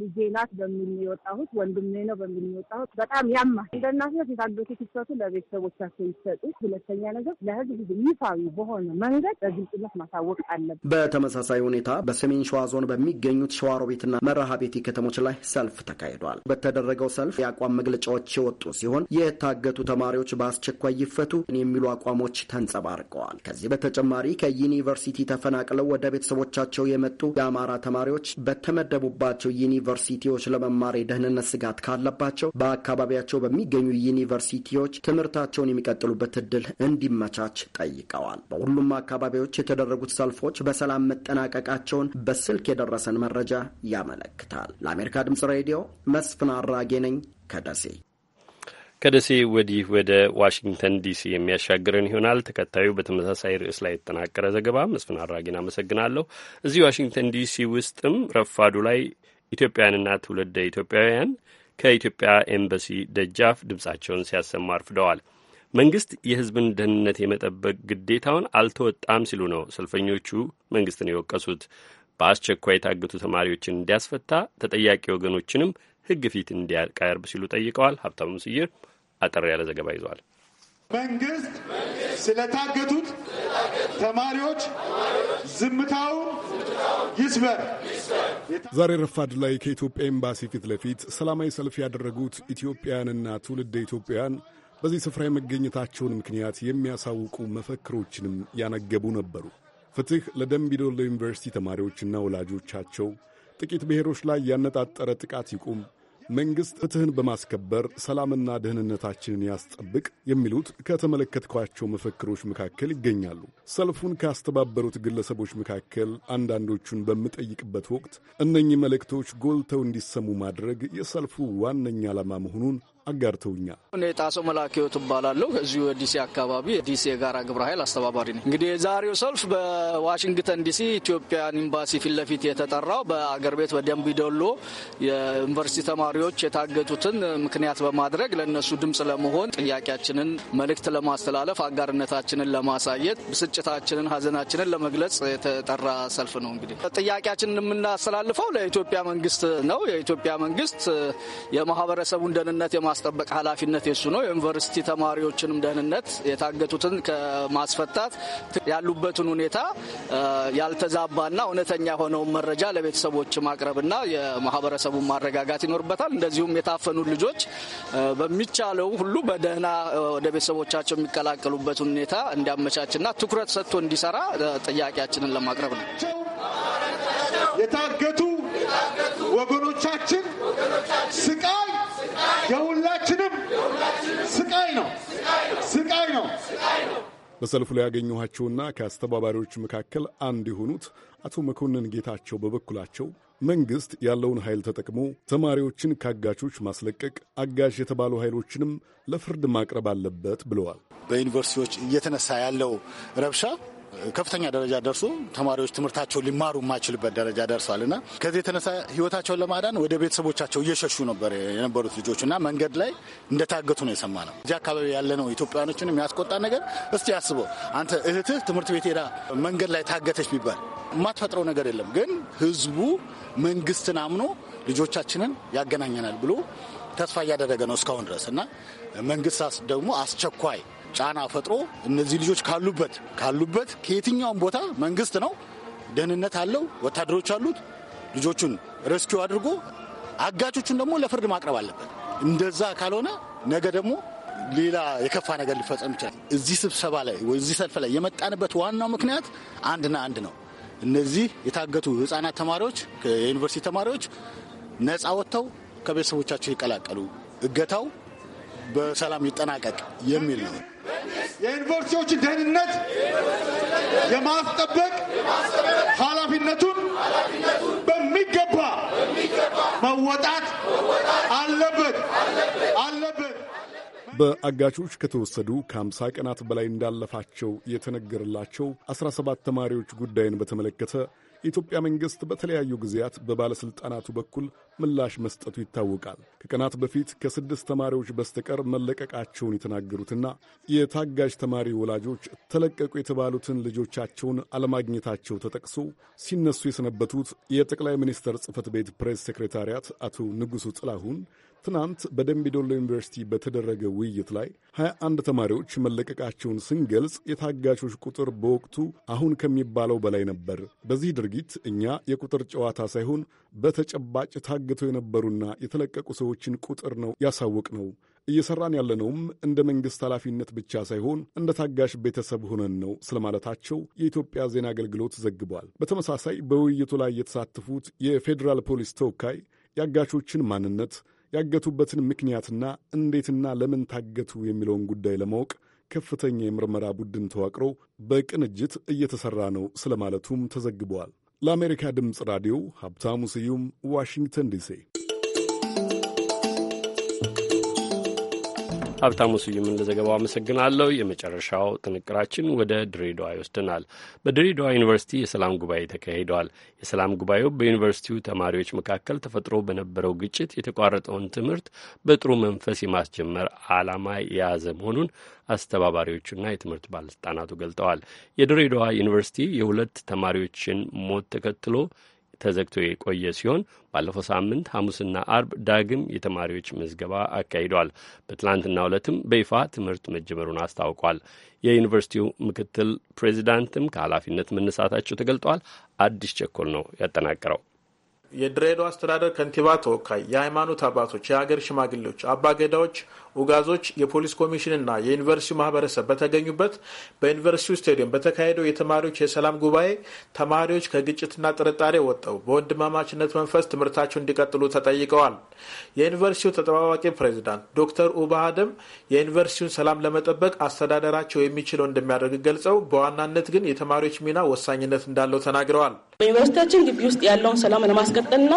ልጄ ናት በሚል የወጣሁት ወንድሜ ነው በሚል የወጣሁት በጣም ያማ እንደ እናትነት የታገቱ ሲሰጡ ለቤተሰቦቻቸው ይሰጡ። ሁለተኛ ነገር ለህዝብ ይፋዊ በሆነ መንገድ በግልጽነት ማሳወቅ አለብን። በተመሳሳይ ሁኔታ በሰሜን ሸዋ ዞን በሚገኙት ቤትና መረሃ ቤቴ ከተሞች ላይ ሰልፍ ተካሂዷል። በተደረገው ሰልፍ የአቋም መግለጫዎች የወጡ ሲሆን የታገቱ ተማሪዎች በአስቸኳይ ይፈቱ የሚ የሚሉ አቋሞች ተንጸባርቀዋል። ከዚህ በተጨማሪ ከዩኒቨርሲቲ ተፈናቅለው ወደ ቤተሰቦቻቸው የመጡ የአማራ ተማሪዎች በተመደቡባቸው ዩኒቨርሲቲዎች ለመማር የደህንነት ስጋት ካለባቸው በአካባቢያቸው በሚገኙ ዩኒቨርሲቲዎች ትምህርታቸውን የሚቀጥሉበት እድል እንዲመቻች ጠይቀዋል። በሁሉም አካባቢዎች የተደረጉት ሰልፎች በሰላም መጠናቀቃቸውን በስልክ የደረሰን መረጃ ያመለክታል። ለአሜሪካ ድምጽ ሬዲዮ መስፍን አራጌ ነኝ ከደሴ ከደሴ ወዲህ ወደ ዋሽንግተን ዲሲ የሚያሻግረን ይሆናል። ተከታዩ በተመሳሳይ ርዕስ ላይ የተጠናቀረ ዘገባ። መስፍን አራጊን አመሰግናለሁ። እዚህ ዋሽንግተን ዲሲ ውስጥም ረፋዱ ላይ ኢትዮጵያውያንና ትውልደ ኢትዮጵያውያን ከኢትዮጵያ ኤምባሲ ደጃፍ ድምጻቸውን ሲያሰሙ አርፍደዋል። መንግስት የህዝብን ደህንነት የመጠበቅ ግዴታውን አልተወጣም ሲሉ ነው ሰልፈኞቹ መንግስትን የወቀሱት። በአስቸኳይ የታገቱ ተማሪዎችን እንዲያስፈታ ተጠያቂ ወገኖችንም ሕግ ፊት እንዲያቀርብ ሲሉ ጠይቀዋል። ሀብታሙ ስይር አጠር ያለ ዘገባ ይዘዋል። መንግስት ስለታገቱት ተማሪዎች ዝምታውን ይስበር። ዛሬ ረፋድ ላይ ከኢትዮጵያ ኤምባሲ ፊት ለፊት ሰላማዊ ሰልፍ ያደረጉት ኢትዮጵያውያንና ትውልደ ኢትዮጵያውያን በዚህ ስፍራ የመገኘታቸውን ምክንያት የሚያሳውቁ መፈክሮችንም ያነገቡ ነበሩ። ፍትህ ለደምቢዶሎ ዩኒቨርሲቲ ተማሪዎችና ወላጆቻቸው፣ ጥቂት ብሔሮች ላይ ያነጣጠረ ጥቃት ይቁም፣ መንግሥት ፍትሕን በማስከበር ሰላምና ደህንነታችንን ያስጠብቅ የሚሉት ከተመለከትኳቸው መፈክሮች መካከል ይገኛሉ። ሰልፉን ካስተባበሩት ግለሰቦች መካከል አንዳንዶቹን በምጠይቅበት ወቅት እነኚህ መልእክቶች ጎልተው እንዲሰሙ ማድረግ የሰልፉ ዋነኛ ዓላማ መሆኑን አጋርተውኛል። እኔ ጣሶ መላኪዎት ትባላለሁ። እዚሁ ዲሲ አካባቢ ዲሲ የጋራ ግብረ ኃይል አስተባባሪ ነኝ። እንግዲህ የዛሬው ሰልፍ በዋሽንግተን ዲሲ ኢትዮጵያን ኤምባሲ ፊት ለፊት የተጠራው በአገር ቤት በደንብ ደሎ የዩኒቨርሲቲ ተማሪዎች የታገቱትን ምክንያት በማድረግ ለእነሱ ድምፅ ለመሆን ጥያቄያችንን፣ መልእክት ለማስተላለፍ፣ አጋርነታችንን ለማሳየት፣ ብስጭታችንን፣ ሀዘናችንን ለመግለጽ የተጠራ ሰልፍ ነው። እንግዲህ ጥያቄያችንን የምናስተላልፈው ለኢትዮጵያ መንግስት ነው። የኢትዮጵያ መንግስት የማህበረሰቡን ደህንነት የማ የማስጠበቅ ኃላፊነት የሱ ነው። የዩኒቨርሲቲ ተማሪዎችንም ደህንነት የታገቱትን ከማስፈታት ያሉበትን ሁኔታ ያልተዛባና እውነተኛ የሆነውን መረጃ ለቤተሰቦች ማቅረብና የማህበረሰቡን ማረጋጋት ይኖርበታል። እንደዚሁም የታፈኑ ልጆች በሚቻለው ሁሉ በደህና ወደ ቤተሰቦቻቸው የሚቀላቀሉበት ሁኔታ እንዲያመቻችና ትኩረት ሰጥቶ እንዲሰራ ጥያቄያችንን ለማቅረብ ነው። የታገቱ ስቃይ ነው፣ ስቃይ ነው። በሰልፉ ላይ ያገኘኋቸውና ከአስተባባሪዎች መካከል አንድ የሆኑት አቶ መኮንን ጌታቸው በበኩላቸው መንግሥት ያለውን ኃይል ተጠቅሞ ተማሪዎችን ከአጋቾች ማስለቀቅ፣ አጋዥ የተባሉ ኃይሎችንም ለፍርድ ማቅረብ አለበት ብለዋል። በዩኒቨርሲቲዎች እየተነሳ ያለው ረብሻ ከፍተኛ ደረጃ ደርሶ ተማሪዎች ትምህርታቸው ሊማሩ የማይችልበት ደረጃ ደርሷል እና ከዚህ የተነሳ ህይወታቸውን ለማዳን ወደ ቤተሰቦቻቸው እየሸሹ ነበር የነበሩት ልጆች እና መንገድ ላይ እንደታገቱ ነው የሰማ ነው። እዚህ አካባቢ ያለነው ኢትዮጵያኖችን የሚያስቆጣ ነገር እስቲ አስበው አንተ እህትህ ትምህርት ቤት ሄዳ መንገድ ላይ ታገተች ቢባል የማትፈጥረው ነገር የለም። ግን ህዝቡ መንግስትን አምኖ ልጆቻችንን ያገናኘናል ብሎ ተስፋ እያደረገ ነው እስካሁን ድረስ እና መንግስት ደግሞ አስቸኳይ ጫና ፈጥሮ እነዚህ ልጆች ካሉበት ካሉበት ከየትኛውም ቦታ መንግስት ነው ደህንነት አለው፣ ወታደሮች አሉት። ልጆቹን ሬስኪው አድርጎ አጋቾቹን ደግሞ ለፍርድ ማቅረብ አለበት። እንደዛ ካልሆነ ነገ ደግሞ ሌላ የከፋ ነገር ሊፈጸም ይችላል። እዚህ ስብሰባ ላይ ወይ እዚህ ሰልፍ ላይ የመጣንበት ዋናው ምክንያት አንድና አንድ ነው። እነዚህ የታገቱ ህጻናት ተማሪዎች፣ የዩኒቨርሲቲ ተማሪዎች ነፃ ወጥተው ከቤተሰቦቻቸው ይቀላቀሉ፣ እገታው በሰላም ይጠናቀቅ የሚል ነው። የዩኒቨርሲቲዎችን ደህንነት የማስጠበቅ ኃላፊነቱን በሚገባ መወጣት አለበት አለበት። በአጋቾች ከተወሰዱ ከ ቀናት በላይ እንዳለፋቸው የተነገረላቸው 17 ተማሪዎች ጉዳይን በተመለከተ የኢትዮጵያ መንግሥት በተለያዩ ጊዜያት በባለሥልጣናቱ በኩል ምላሽ መስጠቱ ይታወቃል። ከቀናት በፊት ከስድስት ተማሪዎች በስተቀር መለቀቃቸውን የተናገሩትና የታጋጅ ተማሪ ወላጆች ተለቀቁ የተባሉትን ልጆቻቸውን አለማግኘታቸው ተጠቅሶ ሲነሱ የሰነበቱት የጠቅላይ ሚኒስትር ጽህፈት ቤት ፕሬስ ሴክሬታሪያት አቶ ንጉሡ ጥላሁን ትናንት በደምቢዶሎ ዩኒቨርሲቲ በተደረገ ውይይት ላይ 21 ተማሪዎች መለቀቃቸውን ስንገልጽ የታጋቾች ቁጥር በወቅቱ አሁን ከሚባለው በላይ ነበር። በዚህ ድርጊት እኛ የቁጥር ጨዋታ ሳይሆን በተጨባጭ ታግተው የነበሩና የተለቀቁ ሰዎችን ቁጥር ነው ያሳወቅ ነው። እየሰራን ያለነውም እንደ መንግሥት ኃላፊነት ብቻ ሳይሆን እንደ ታጋሽ ቤተሰብ ሆነን ነው ስለማለታቸው የኢትዮጵያ ዜና አገልግሎት ዘግቧል። በተመሳሳይ በውይይቱ ላይ የተሳተፉት የፌዴራል ፖሊስ ተወካይ የአጋቾችን ማንነት ያገቱበትን ምክንያትና እንዴትና ለምን ታገቱ የሚለውን ጉዳይ ለማወቅ ከፍተኛ የምርመራ ቡድን ተዋቅሮ በቅንጅት እየተሠራ ነው ስለማለቱም ተዘግበዋል። ለአሜሪካ ድምፅ ራዲዮ ሀብታሙ ስዩም ዋሽንግተን ዲሲ ሀብታሙ ስዩምን ለዘገባው አመሰግናለሁ። የመጨረሻው ጥንቅራችን ወደ ድሬዳዋ ይወስደናል። በድሬዳዋ ዩኒቨርሲቲ የሰላም ጉባኤ ተካሂደዋል። የሰላም ጉባኤው በዩኒቨርሲቲው ተማሪዎች መካከል ተፈጥሮ በነበረው ግጭት የተቋረጠውን ትምህርት በጥሩ መንፈስ የማስጀመር ዓላማ የያዘ መሆኑን አስተባባሪዎቹና የትምህርት ባለስልጣናቱ ገልጠዋል። የድሬዳዋ ዩኒቨርሲቲ የሁለት ተማሪዎችን ሞት ተከትሎ ተዘግቶ የቆየ ሲሆን ባለፈው ሳምንት ሐሙስና አርብ ዳግም የተማሪዎች ምዝገባ አካሂዷል። በትላንትና ዕለትም በይፋ ትምህርት መጀመሩን አስታውቋል። የዩኒቨርሲቲው ምክትል ፕሬዚዳንትም ከኃላፊነት መነሳታቸው ተገልጧል። አዲስ ቸኮል ነው ያጠናቀረው። የድሬዳዋ አስተዳደር ከንቲባ ተወካይ፣ የሃይማኖት አባቶች፣ የሀገር ሽማግሌዎች፣ አባገዳዎች፣ ኡጋዞች፣ የፖሊስ ኮሚሽንና የዩኒቨርሲቲው ማህበረሰብ በተገኙበት በዩኒቨርሲቲው ስቴዲየም በተካሄደው የተማሪዎች የሰላም ጉባኤ ተማሪዎች ከግጭትና ጥርጣሬ ወጥተው በወንድማማችነት መንፈስ ትምህርታቸው እንዲቀጥሉ ተጠይቀዋል። የዩኒቨርሲቲው ተጠባባቂ ፕሬዚዳንት ዶክተር ኡባ አደም የዩኒቨርሲቲውን ሰላም ለመጠበቅ አስተዳደራቸው የሚችለው እንደሚያደርግ ገልጸው በዋናነት ግን የተማሪዎች ሚና ወሳኝነት እንዳለው ተናግረዋል። በዩኒቨርሲቲያችን ግቢ ውስጥ ያለውን ሰላም ለማስገ ለማስቀጠልና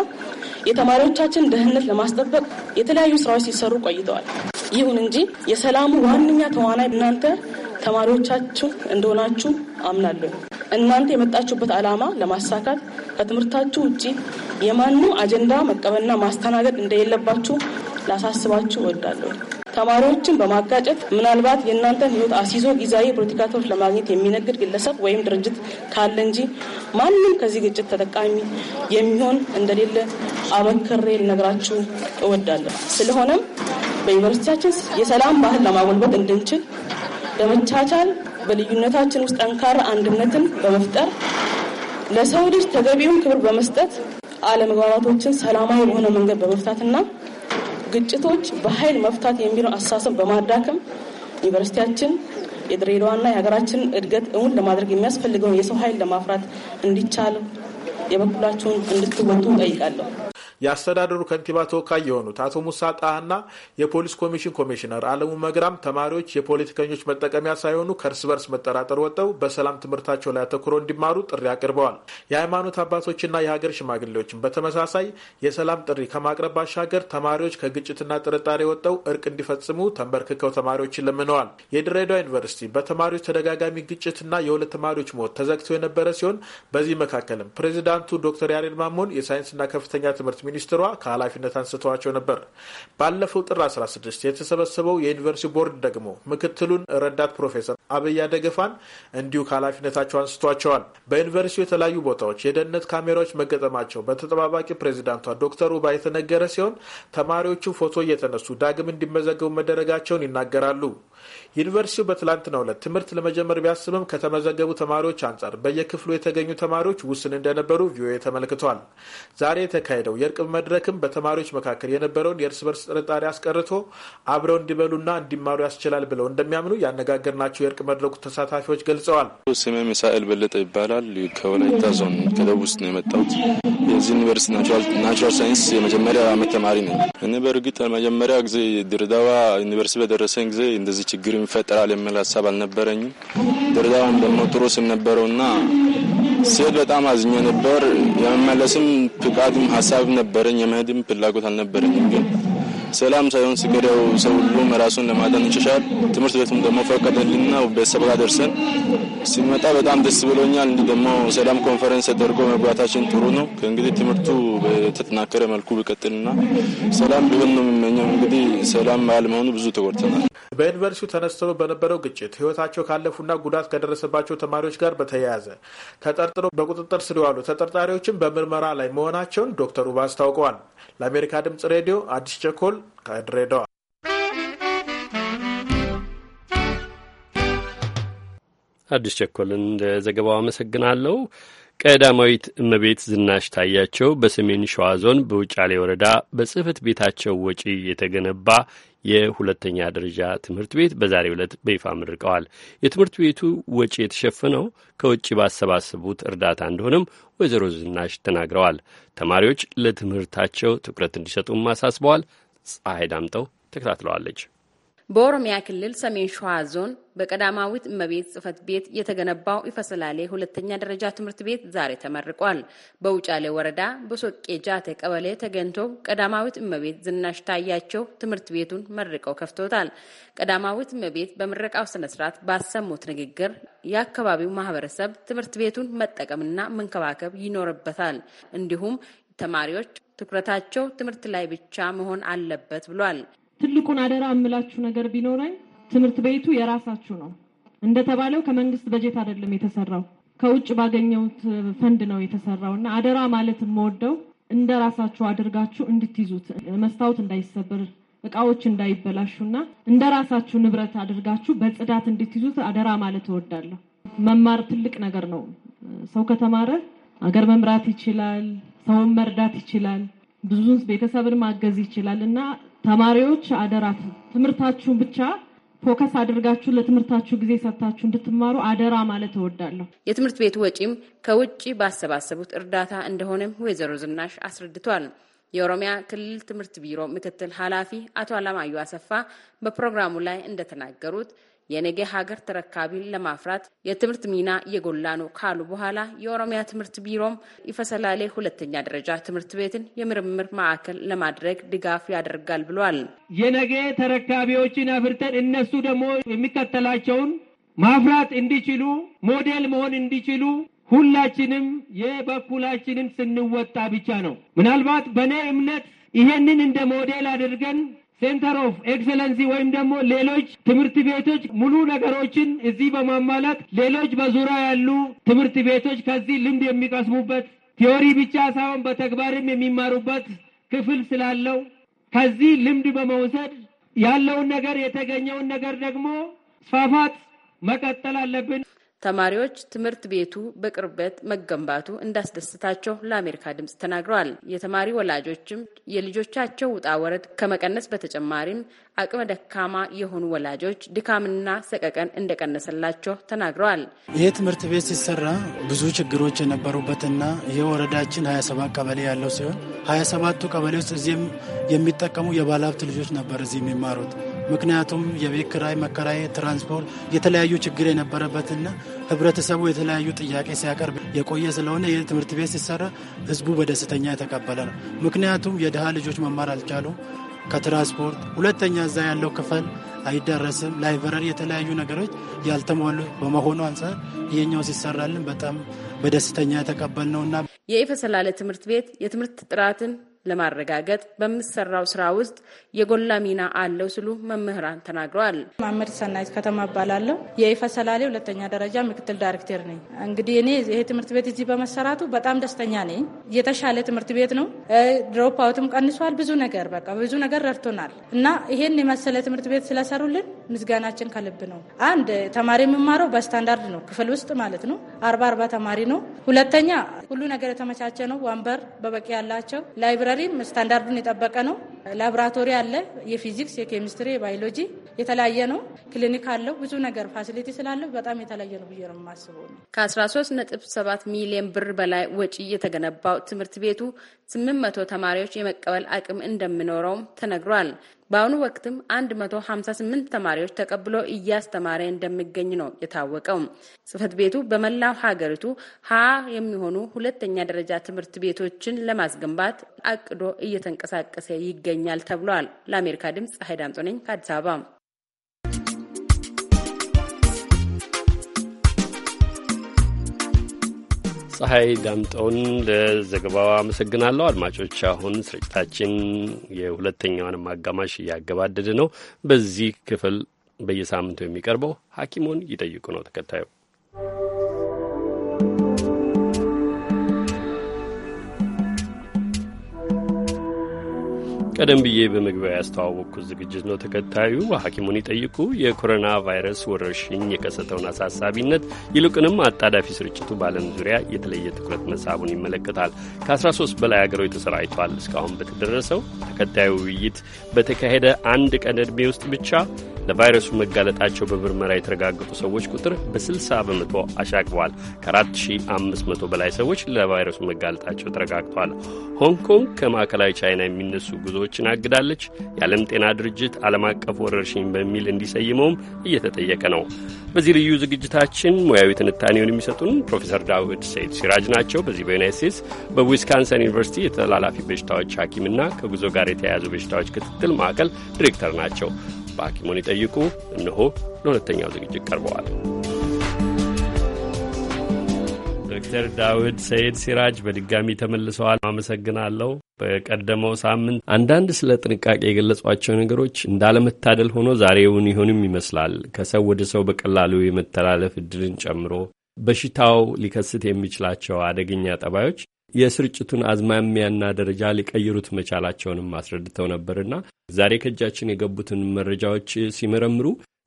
የተማሪዎቻችን ደህንነት ለማስጠበቅ የተለያዩ ስራዎች ሲሰሩ ቆይተዋል። ይሁን እንጂ የሰላሙ ዋነኛ ተዋናይ እናንተ ተማሪዎቻችሁ እንደሆናችሁ አምናለሁ። እናንተ የመጣችሁበት ዓላማ ለማሳካት ከትምህርታችሁ ውጭ የማንም አጀንዳ መቀበልና ማስተናገድ እንደሌለባችሁ ላሳስባችሁ እወዳለሁ። ተማሪዎችን በማጋጨት ምናልባት የእናንተን ህይወት አስይዞ ጊዜያዊ የፖለቲካ ትርፍ ለማግኘት የሚነግድ ግለሰብ ወይም ድርጅት ካለ እንጂ ማንም ከዚህ ግጭት ተጠቃሚ የሚሆን እንደሌለ አበክሬ ልነግራችሁ እወዳለሁ። ስለሆነም በዩኒቨርሲቲያችን የሰላም ባህል ለማጎልበት እንድንችል ለመቻቻል በልዩነታችን ውስጥ ጠንካራ አንድነትን በመፍጠር ለሰው ልጅ ተገቢውን ክብር በመስጠት አለመግባባቶችን ሰላማዊ በሆነ መንገድ በመፍታትና ግጭቶች በኃይል መፍታት የሚለው አስተሳሰብ በማዳከም ዩኒቨርሲቲያችን የድሬዳዋና የሀገራችንን እድገት እውን ለማድረግ የሚያስፈልገውን የሰው ኃይል ለማፍራት እንዲቻል የበኩላችሁን እንድትወጡ ጠይቃለሁ። የአስተዳደሩ ከንቲባ ተወካይ የሆኑት አቶ ሙሳ ጣህና የፖሊስ ኮሚሽን ኮሚሽነር አለሙ መግራም ተማሪዎች የፖለቲከኞች መጠቀሚያ ሳይሆኑ ከእርስ በርስ መጠራጠር ወጠው በሰላም ትምህርታቸው ላይ አተኩረው እንዲማሩ ጥሪ አቅርበዋል። የሃይማኖት አባቶችና የሀገር ሽማግሌዎችም በተመሳሳይ የሰላም ጥሪ ከማቅረብ ባሻገር ተማሪዎች ከግጭትና ጥርጣሬ ወጠው እርቅ እንዲፈጽሙ ተንበርክከው ተማሪዎችን ለምነዋል። የድሬዳዋ ዩኒቨርሲቲ በተማሪዎች ተደጋጋሚ ግጭትና የሁለት ተማሪዎች ሞት ተዘግቶ የነበረ ሲሆን በዚህ መካከልም ፕሬዚዳንቱ ዶክተር ያሬድ ማሞን የሳይንስና ከፍተኛ ትምህርት ሚኒስትሯ ከኃላፊነት አንስተዋቸው ነበር። ባለፈው ጥር 16 የተሰበሰበው የዩኒቨርሲቲ ቦርድ ደግሞ ምክትሉን ረዳት ፕሮፌሰር አብያ ደገፋን እንዲሁ ከኃላፊነታቸው አንስቷቸዋል። በዩኒቨርሲቲው የተለያዩ ቦታዎች የደህንነት ካሜራዎች መገጠማቸው በተጠባባቂ ፕሬዚዳንቷ ዶክተር ውባ የተነገረ ሲሆን ተማሪዎቹ ፎቶ እየተነሱ ዳግም እንዲመዘገቡ መደረጋቸውን ይናገራሉ። ዩኒቨርሲቲው በትላንትናው ዕለት ትምህርት ለመጀመር ቢያስብም ከተመዘገቡ ተማሪዎች አንጻር በየክፍሉ የተገኙ ተማሪዎች ውስን እንደነበሩ ቪኦኤ ተመልክቷል። ዛሬ የተካሄደው የእርቅ መድረክም በተማሪዎች መካከል የነበረውን የእርስ በርስ ጥርጣሬ አስቀርቶ አብረው እንዲበሉና እንዲማሩ ያስችላል ብለው እንደሚያምኑ ያነጋገርናቸው የእርቅ መድረኩ ተሳታፊዎች ገልጸዋል። ስሜ ሚሳኤል በለጠ ይባላል። ከወላይታ ዞን ከደቡብ ውስጥ ነው የመጣሁት። የዚህ ዩኒቨርሲቲ ናቹራል ሳይንስ የመጀመሪያ አመት ተማሪ ነኝ። እኔ በእርግጥ መጀመሪያ ጊዜ ድሬዳዋ ዩኒቨርሲቲ በደረሰኝ ጊዜ እንደዚህ ችግር ይፈጠራል የሚል ሀሳብ አልነበረኝም። ድርዳዋም ደግሞ ጥሩ ስም ነበረውና ስሄድ በጣም አዝኜ ነበር። የመመለስም ፍቃድም ሀሳብም ነበረኝ። የመሄድም ፍላጎት አልነበረኝም ግን ሰላም ሳይሆን ሲገዳው ሰው ሁሉም ራሱን ለማዳን ይሸሻል። ትምህርት ቤቱም ደግሞ ፈቀደልና ቤተሰብ ጋር ደርሰን ሲመጣ በጣም ደስ ብሎኛል። እንዲህ ደግሞ ሰላም ኮንፈረንስ ተደርጎ መግባታችን ጥሩ ነው። ከእንግዲህ ትምህርቱ በተጠናከረ መልኩ ብቀጥልና ሰላም ቢሆን ነው እንግዲህ ሰላም ባለመሆኑ ብዙ ተጎድተናል። በዩኒቨርሲቲው ተነስተው በነበረው ግጭት ህይወታቸው ካለፉና ጉዳት ከደረሰባቸው ተማሪዎች ጋር በተያያዘ ተጠርጥሮ በቁጥጥር ስር የዋሉ ተጠርጣሪዎችም በምርመራ ላይ መሆናቸውን ዶክተር ውባ አስታውቀዋል። ለአሜሪካ ድምጽ ሬዲዮ አዲስ ቸኮል ከድሬዳዋ አዲስ ቸኮልን ዘገባው አመሰግናለሁ። ቀዳማዊት እመቤት ዝናሽ ታያቸው በሰሜን ሸዋ ዞን በውጫሌ ወረዳ በጽህፈት ቤታቸው ወጪ የተገነባ የሁለተኛ ደረጃ ትምህርት ቤት በዛሬው ዕለት በይፋ አመርቀዋል። የትምህርት ቤቱ ወጪ የተሸፈነው ከውጭ ባሰባሰቡት እርዳታ እንደሆነም ወይዘሮ ዝናሽ ተናግረዋል። ተማሪዎች ለትምህርታቸው ትኩረት እንዲሰጡም አሳስበዋል። ፀሐይ ዳምጠው ተከታትለዋለች። በኦሮሚያ ክልል ሰሜን ሸዋ ዞን በቀዳማዊት እመቤት ጽህፈት ቤት የተገነባው ይፈሰላሌ ሁለተኛ ደረጃ ትምህርት ቤት ዛሬ ተመርቋል። በውጫሌ ወረዳ በሶቄ ጃተ ቀበሌ ተገኝቶ ቀዳማዊት እመቤት ዝናሽ ታያቸው ትምህርት ቤቱን መርቀው ከፍቶታል። ቀዳማዊት እመቤት በምረቃው ስነ ስርዓት ባሰሙት ንግግር የአካባቢው ማህበረሰብ ትምህርት ቤቱን መጠቀምና መንከባከብ ይኖርበታል፣ እንዲሁም ተማሪዎች ትኩረታቸው ትምህርት ላይ ብቻ መሆን አለበት ብሏል። ትልቁን አደራ የምላችሁ ነገር ቢኖረኝ ትምህርት ቤቱ የራሳችሁ ነው። እንደተባለው ከመንግስት በጀት አይደለም የተሰራው ከውጭ ባገኘሁት ፈንድ ነው የተሰራው እና አደራ ማለት የምወደው እንደ ራሳችሁ አድርጋችሁ እንድትይዙት መስታወት እንዳይሰብር እቃዎች እንዳይበላሹና እንደ ራሳችሁ ንብረት አድርጋችሁ በጽዳት እንድትይዙት አደራ ማለት እወዳለሁ። መማር ትልቅ ነገር ነው። ሰው ከተማረ አገር መምራት ይችላል፣ ሰውን መርዳት ይችላል፣ ብዙ ቤተሰብን ማገዝ ይችላል እና ተማሪዎች አደራ ትምህርታችሁን ብቻ ፎከስ አድርጋችሁ ለትምህርታችሁ ጊዜ ሰጥታችሁ እንድትማሩ አደራ ማለት እወዳለሁ። የትምህርት ቤቱ ወጪም ከውጭ ባሰባሰቡት እርዳታ እንደሆነም ወይዘሮ ዝናሽ አስረድቷል። የኦሮሚያ ክልል ትምህርት ቢሮ ምክትል ኃላፊ አቶ አላማዩ አሰፋ በፕሮግራሙ ላይ እንደተናገሩት የነገ ሀገር ተረካቢን ለማፍራት የትምህርት ሚና እየጎላ ነው ካሉ በኋላ የኦሮሚያ ትምህርት ቢሮም ይፈሰላሌ ሁለተኛ ደረጃ ትምህርት ቤትን የምርምር ማዕከል ለማድረግ ድጋፍ ያደርጋል ብሏል። የነገ ተረካቢዎችን አፍርተን እነሱ ደግሞ የሚከተላቸውን ማፍራት እንዲችሉ ሞዴል መሆን እንዲችሉ ሁላችንም የበኩላችንን ስንወጣ ብቻ ነው። ምናልባት በእኔ እምነት ይሄንን እንደ ሞዴል አድርገን ሴንተር ኦፍ ኤክሰለንሲ ወይም ደግሞ ሌሎች ትምህርት ቤቶች ሙሉ ነገሮችን እዚህ በማሟላት ሌሎች በዙሪያ ያሉ ትምህርት ቤቶች ከዚህ ልምድ የሚቀስሙበት ቲዮሪ ብቻ ሳይሆን በተግባርም የሚማሩበት ክፍል ስላለው ከዚህ ልምድ በመውሰድ ያለውን ነገር የተገኘውን ነገር ደግሞ ስፋፋት መቀጠል አለብን። ተማሪዎች ትምህርት ቤቱ በቅርበት መገንባቱ እንዳስደስታቸው ለአሜሪካ ድምፅ ተናግረዋል። የተማሪ ወላጆችም የልጆቻቸው ውጣ ወረድ ከመቀነስ በተጨማሪም አቅመ ደካማ የሆኑ ወላጆች ድካምና ሰቀቀን እንደቀነሰላቸው ተናግረዋል። ይህ ትምህርት ቤት ሲሰራ ብዙ ችግሮች የነበሩበትና ይህ ወረዳችን 27 ቀበሌ ያለው ሲሆን 27ቱ ቀበሌ ውስጥ እዚህም የሚጠቀሙ የባለሀብት ልጆች ነበር እዚህ የሚማሩት ምክንያቱም የቤት ክራይ፣ መከራይ፣ ትራንስፖርት የተለያዩ ችግር የነበረበትና ህብረተሰቡ የተለያዩ ጥያቄ ሲያቀርብ የቆየ ስለሆነ ይህ ትምህርት ቤት ሲሰራ ህዝቡ በደስተኛ የተቀበለ ነው። ምክንያቱም የድሃ ልጆች መማር አልቻሉ ከትራንስፖርት ሁለተኛ እዛ ያለው ክፍል አይደረስም። ላይብረሪ፣ የተለያዩ ነገሮች ያልተሟሉ በመሆኑ አንጻር ይሄኛው ሲሰራልን በጣም በደስተኛ የተቀበልነውና የኢፈሰላለ ትምህርት ቤት የትምህርት ጥራትን ለማረጋገጥ በምሰራው ስራ ውስጥ የጎላ ሚና አለው ሲሉ መምህራን ተናግረዋል። ማመድ ሰናይት ከተማ እባላለሁ። የኢፈ ሰላሌ ሁለተኛ ደረጃ ምክትል ዳይሬክተር ነኝ። እንግዲህ እኔ ይሄ ትምህርት ቤት እዚህ በመሰራቱ በጣም ደስተኛ ነኝ። የተሻለ ትምህርት ቤት ነው። ድሮፕ አውትም ቀንሷል። ብዙ ነገር በቃ ብዙ ነገር ረድቶናል እና ይሄን የመሰለ ትምህርት ቤት ስለሰሩልን ምስጋናችን ከልብ ነው። አንድ ተማሪ የሚማረው በስታንዳርድ ነው ክፍል ውስጥ ማለት ነው። አርባ አርባ ተማሪ ነው። ሁለተኛ ሁሉ ነገር የተመቻቸ ነው። ወንበር በበቂ ያላቸው ላይብራ ላይብረሪም ስታንዳርዱን የጠበቀ ነው። ላቦራቶሪ አለ። የፊዚክስ፣ የኬሚስትሪ፣ የባዮሎጂ የተለያየ ነው። ክሊኒክ አለው። ብዙ ነገር ፋሲሊቲ ስላለው በጣም የተለየ ነው ብዬ ነው የማስበው። ከ13.7 ሚሊዮን ብር በላይ ወጪ የተገነባው ትምህርት ቤቱ 800 ተማሪዎች የመቀበል አቅም እንደሚኖረውም ተነግሯል። በአሁኑ ወቅትም 158 ተማሪዎች ተቀብሎ እያስተማረ እንደሚገኝ ነው የታወቀው። ጽህፈት ቤቱ በመላው ሀገሪቱ ሀ የሚሆኑ ሁለተኛ ደረጃ ትምህርት ቤቶችን ለማስገንባት አቅዶ እየተንቀሳቀሰ ይገኛል ተብሏል። ለአሜሪካ ድምፅ ሀይዳምጦ ነኝ ከአዲስ አበባ። ፀሐይ ዳምጠውን ለዘገባው አመሰግናለሁ። አድማጮች፣ አሁን ስርጭታችን የሁለተኛውንም አጋማሽ እያገባደደ ነው። በዚህ ክፍል በየሳምንቱ የሚቀርበው ሐኪሙን ይጠይቁ ነው ተከታዩ ቀደም ብዬ በመግቢያ ያስተዋወቅኩት ዝግጅት ነው። ተከታዩ ሐኪሙን ይጠይቁ የኮሮና ቫይረስ ወረርሽኝ የከሰተውን አሳሳቢነት ይልቁንም አጣዳፊ ስርጭቱ በዓለም ዙሪያ የተለየ ትኩረት መሳቡን ይመለከታል። ከ13 በላይ አገሮች ተሰራጭቷል። እስካሁን በተደረሰው ተከታዩ ውይይት በተካሄደ አንድ ቀን ዕድሜ ውስጥ ብቻ ለቫይረሱ መጋለጣቸው በምርመራ የተረጋገጡ ሰዎች ቁጥር በ60 በመቶ አሻቅቧል። ከ4500 በላይ ሰዎች ለቫይረሱ መጋለጣቸው ተረጋግቷል። ሆንግ ኮንግ ከማዕከላዊ ቻይና የሚነሱ ጉዞ ጉዞዎችን አግዳለች። የዓለም ጤና ድርጅት ዓለም አቀፍ ወረርሽኝ በሚል እንዲሰይመውም እየተጠየቀ ነው። በዚህ ልዩ ዝግጅታችን ሙያዊ ትንታኔውን የሚሰጡን ፕሮፌሰር ዳዊት ሰይድ ሲራጅ ናቸው። በዚህ በዩናይት ስቴትስ በዊስካንሰን ዩኒቨርሲቲ የተላላፊ በሽታዎች ሐኪምና ከጉዞ ጋር የተያያዙ በሽታዎች ክትትል ማዕከል ዲሬክተር ናቸው። በሐኪሙን ይጠይቁ እነሆ ለሁለተኛው ዝግጅት ቀርበዋል። ዶክተር ዳውድ ሰይድ ሲራጅ በድጋሚ ተመልሰዋል። አመሰግናለሁ። በቀደመው ሳምንት አንዳንድ ስለ ጥንቃቄ የገለጿቸው ነገሮች እንዳለመታደል ሆኖ ዛሬውን ይሆንም ይመስላል ከሰው ወደ ሰው በቀላሉ የመተላለፍ እድልን ጨምሮ በሽታው ሊከስት የሚችላቸው አደገኛ ጠባዮች የስርጭቱን አዝማሚያና ደረጃ ሊቀይሩት መቻላቸውንም አስረድተው ነበርና ዛሬ ከእጃችን የገቡትን መረጃዎች ሲመረምሩ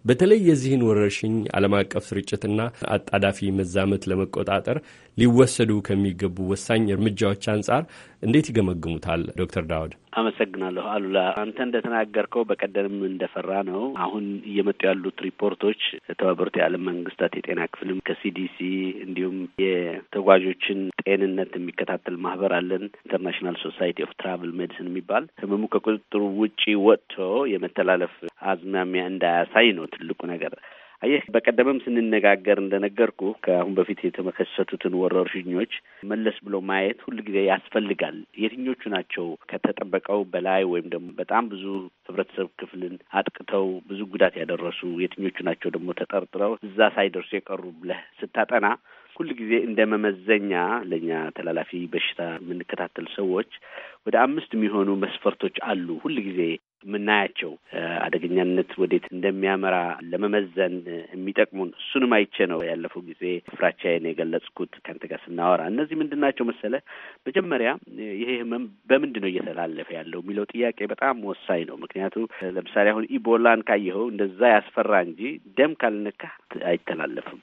በተለይ የዚህን ወረርሽኝ ዓለም አቀፍ ስርጭትና አጣዳፊ መዛመት ለመቆጣጠር ሊወሰዱ ከሚገቡ ወሳኝ እርምጃዎች አንጻር እንዴት ይገመግሙታል ዶክተር ዳውድ? አመሰግናለሁ አሉላ። አንተ እንደተናገርከው በቀደም እንደፈራ ነው አሁን እየመጡ ያሉት ሪፖርቶች የተባበሩት የዓለም መንግስታት የጤና ክፍልም ከሲዲሲ እንዲሁም የተጓዦችን ጤንነት የሚከታተል ማህበር አለን ኢንተርናሽናል ሶሳይቲ ኦፍ ትራቭል ሜዲሲን የሚባል ህመሙ ከቁጥጥሩ ውጪ ወጥቶ የመተላለፍ አዝማሚያ እንዳያሳይ ነው ትልቁ ነገር። አየህ በቀደምም ስንነጋገር እንደነገርኩ ከአሁን በፊት የተመከሰቱትን ወረርሽኞች መለስ ብሎ ማየት ጊዜ ያስፈልጋል። የትኞቹ ናቸው ከተጠበቀው በላይ ወይም ደግሞ በጣም ብዙ ህብረተሰብ ክፍልን አጥቅተው ብዙ ጉዳት ያደረሱ፣ የትኞቹ ናቸው ደግሞ ተጠርጥረው እዛ ሳይደርሱ የቀሩ ብለህ ስታጠና ጊዜ እንደ መመዘኛ ለእኛ ተላላፊ በሽታ የምንከታተል ሰዎች ወደ አምስት የሚሆኑ መስፈርቶች አሉ ጊዜ የምናያቸው አደገኛነት ወዴት እንደሚያመራ ለመመዘን የሚጠቅሙን እሱንም አይቼ ነው ያለፈው ጊዜ ፍራቻዬን የገለጽኩት ከንት ጋር ስናወራ። እነዚህ ምንድን ናቸው መሰለ፣ መጀመሪያ ይሄ ህመም በምንድን ነው እየተላለፈ ያለው የሚለው ጥያቄ በጣም ወሳኝ ነው። ምክንያቱ ለምሳሌ አሁን ኢቦላን ካየኸው እንደዛ ያስፈራ እንጂ ደም ካልነካህ አይተላለፍም።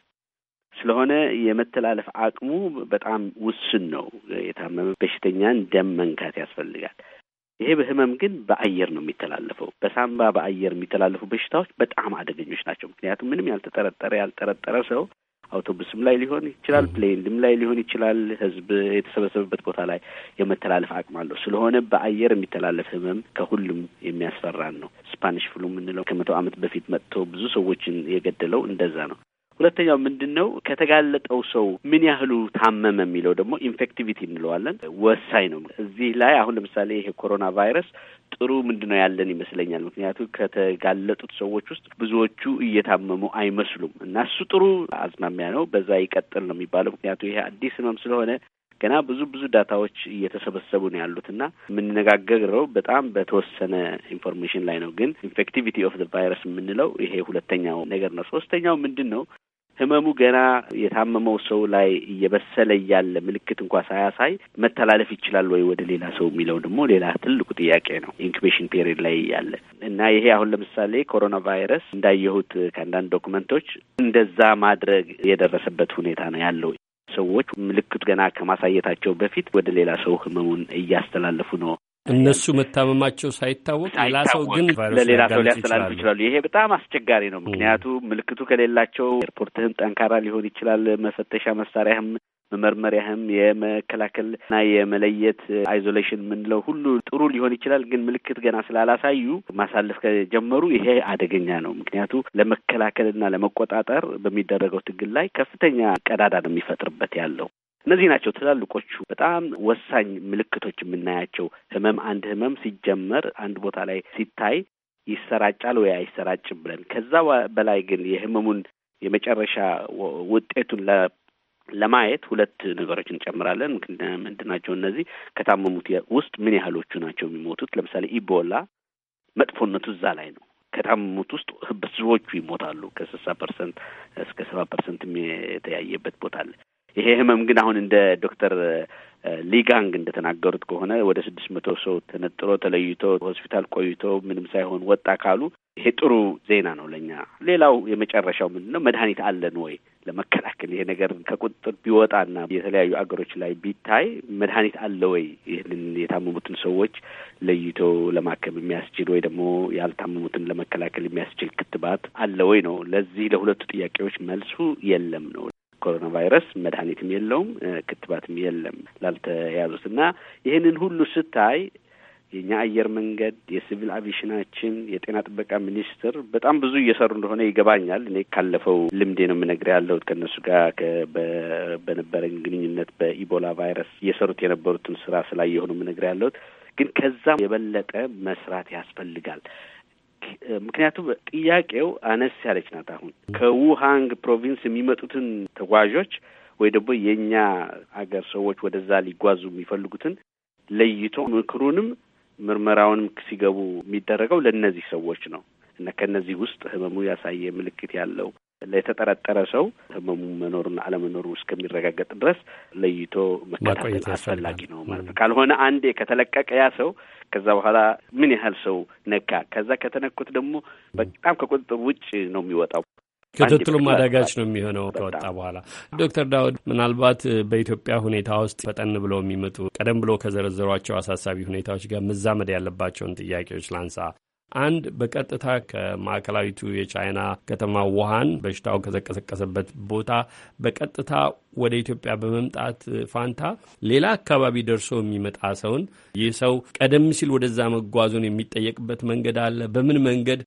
ስለሆነ የመተላለፍ አቅሙ በጣም ውስን ነው። የታመመ በሽተኛን ደም መንካት ያስፈልጋል። ይሄ በህመም ግን በአየር ነው የሚተላለፈው። በሳምባ በአየር የሚተላለፉ በሽታዎች በጣም አደገኞች ናቸው። ምክንያቱም ምንም ያልተጠረጠረ ያልጠረጠረ ሰው አውቶቡስም ላይ ሊሆን ይችላል፣ ፕሌንም ላይ ሊሆን ይችላል፣ ህዝብ የተሰበሰበበት ቦታ ላይ የመተላለፍ አቅም አለው። ስለሆነ በአየር የሚተላለፍ ህመም ከሁሉም የሚያስፈራን ነው። ስፓኒሽ ፍሉ የምንለው ከመቶ ዓመት በፊት መጥቶ ብዙ ሰዎችን የገደለው እንደዛ ነው። ሁለተኛው ምንድን ነው ከተጋለጠው ሰው ምን ያህሉ ታመመ የሚለው ደግሞ ኢንፌክቲቪቲ እንለዋለን ወሳኝ ነው። እዚህ ላይ አሁን ለምሳሌ ይሄ ኮሮና ቫይረስ ጥሩ ምንድን ነው ያለን ይመስለኛል። ምክንያቱ ከተጋለጡት ሰዎች ውስጥ ብዙዎቹ እየታመሙ አይመስሉም እና እሱ ጥሩ አዝማሚያ ነው። በዛ ይቀጥል ነው የሚባለው። ምክንያቱ ይሄ አዲስ ህመም ስለሆነ ገና ብዙ ብዙ ዳታዎች እየተሰበሰቡ ነው ያሉት እና የምንነጋገረው በጣም በተወሰነ ኢንፎርሜሽን ላይ ነው። ግን ኢንፌክቲቪቲ ኦፍ ቫይረስ የምንለው ይሄ ሁለተኛው ነገር ነው። ሶስተኛው ምንድን ነው ህመሙ ገና የታመመው ሰው ላይ እየበሰለ እያለ ምልክት እንኳ ሳያሳይ መተላለፍ ይችላል ወይ ወደ ሌላ ሰው የሚለው ደግሞ ሌላ ትልቁ ጥያቄ ነው። ኢንኩቤሽን ፔሪድ ላይ እያለ እና ይሄ አሁን ለምሳሌ ኮሮና ቫይረስ እንዳየሁት ከአንዳንድ ዶክመንቶች እንደዛ ማድረግ የደረሰበት ሁኔታ ነው ያለው። ሰዎች ምልክቱ ገና ከማሳየታቸው በፊት ወደ ሌላ ሰው ህመሙን እያስተላለፉ ነው። እነሱ መታመማቸው ሳይታወቅ ሌላ ሰው ግን ለሌላ ሰው ሊያስተላልፍ ይችላሉ። ይሄ በጣም አስቸጋሪ ነው። ምክንያቱ ምልክቱ ከሌላቸው ኤርፖርትህም ጠንካራ ሊሆን ይችላል። መፈተሻ መሳሪያህም መመርመሪያህም የመከላከል ና የመለየት አይዞሌሽን የምንለው ሁሉ ጥሩ ሊሆን ይችላል። ግን ምልክት ገና ስላላሳዩ ማሳለፍ ከጀመሩ ይሄ አደገኛ ነው። ምክንያቱ ለመከላከልና ለመቆጣጠር በሚደረገው ትግል ላይ ከፍተኛ ቀዳዳ ነው የሚፈጥርበት ያለው። እነዚህ ናቸው ትላልቆቹ በጣም ወሳኝ ምልክቶች የምናያቸው። ህመም አንድ ህመም ሲጀመር አንድ ቦታ ላይ ሲታይ ይሰራጫል ወይ አይሰራጭም ብለን ከዛ በላይ ግን የህመሙን የመጨረሻ ውጤቱን ለማየት ሁለት ነገሮች እንጨምራለን። ምንድን ናቸው እነዚህ? ከታመሙት ውስጥ ምን ያህሎቹ ናቸው የሚሞቱት? ለምሳሌ ኢቦላ መጥፎነቱ እዛ ላይ ነው። ከታመሙት ውስጥ ብዙዎቹ ይሞታሉ። ከስልሳ ፐርሰንት እስከ ሰባ ፐርሰንት የተያየበት ቦታ አለ። ይሄ ህመም ግን አሁን እንደ ዶክተር ሊጋንግ እንደተናገሩት ከሆነ ወደ ስድስት መቶ ሰው ተነጥሎ ተለይቶ ሆስፒታል ቆይቶ ምንም ሳይሆን ወጣ ካሉ ይሄ ጥሩ ዜና ነው ለእኛ። ሌላው የመጨረሻው ምንድን ነው? መድኃኒት አለን ወይ ለመከላከል? ይሄ ነገር ከቁጥጥር ቢወጣና የተለያዩ አገሮች ላይ ቢታይ መድኃኒት አለ ወይ ይህንን የታመሙትን ሰዎች ለይቶ ለማከም የሚያስችል ወይ ደግሞ ያልታመሙትን ለመከላከል የሚያስችል ክትባት አለ ወይ ነው። ለዚህ ለሁለቱ ጥያቄዎች መልሱ የለም ነው። ኮሮና ቫይረስ መድኃኒትም የለውም፣ ክትባትም የለም ላልተያዙት እና ይህንን ሁሉ ስታይ የእኛ አየር መንገድ፣ የሲቪል አቪሽናችን፣ የጤና ጥበቃ ሚኒስቴር በጣም ብዙ እየሰሩ እንደሆነ ይገባኛል። እኔ ካለፈው ልምዴ ነው የምነግርህ ያለሁት ከእነሱ ጋር በነበረን ግንኙነት በኢቦላ ቫይረስ እየሰሩት የነበሩትን ስራ ስላየሆኑ የምነግርህ ያለሁት ግን ከዛም የበለጠ መስራት ያስፈልጋል። ምክንያቱም ጥያቄው አነስ ያለች ናት። አሁን ከውሃንግ ፕሮቪንስ የሚመጡትን ተጓዦች ወይ ደግሞ የእኛ አገር ሰዎች ወደዛ ሊጓዙ የሚፈልጉትን ለይቶ ምክሩንም ምርመራውንም ሲገቡ የሚደረገው ለእነዚህ ሰዎች ነው እና ከእነዚህ ውስጥ ህመሙ ያሳየ ምልክት ያለው የተጠረጠረ ሰው ህመሙ መኖሩና አለመኖሩ እስከሚረጋገጥ ድረስ ለይቶ መከታተል አስፈላጊ ነው ማለት ነው። ካልሆነ አንዴ ከተለቀቀ ያ ሰው ከዛ በኋላ ምን ያህል ሰው ነካ፣ ከዛ ከተነኩት ደግሞ በጣም ከቁጥጥር ውጭ ነው የሚወጣው። ክትትሉም አዳጋች ነው የሚሆነው ከወጣ በኋላ። ዶክተር ዳውድ ምናልባት በኢትዮጵያ ሁኔታ ውስጥ ፈጠን ብሎ የሚመጡ ቀደም ብሎ ከዘረዘሯቸው አሳሳቢ ሁኔታዎች ጋር መዛመድ ያለባቸውን ጥያቄዎች ላንሳ። አንድ በቀጥታ ከማዕከላዊቱ የቻይና ከተማ ውሃን በሽታው ከተቀሰቀሰበት ቦታ በቀጥታ ወደ ኢትዮጵያ በመምጣት ፋንታ ሌላ አካባቢ ደርሶ የሚመጣ ሰውን ይህ ሰው ቀደም ሲል ወደዛ መጓዙን የሚጠየቅበት መንገድ አለ። በምን መንገድ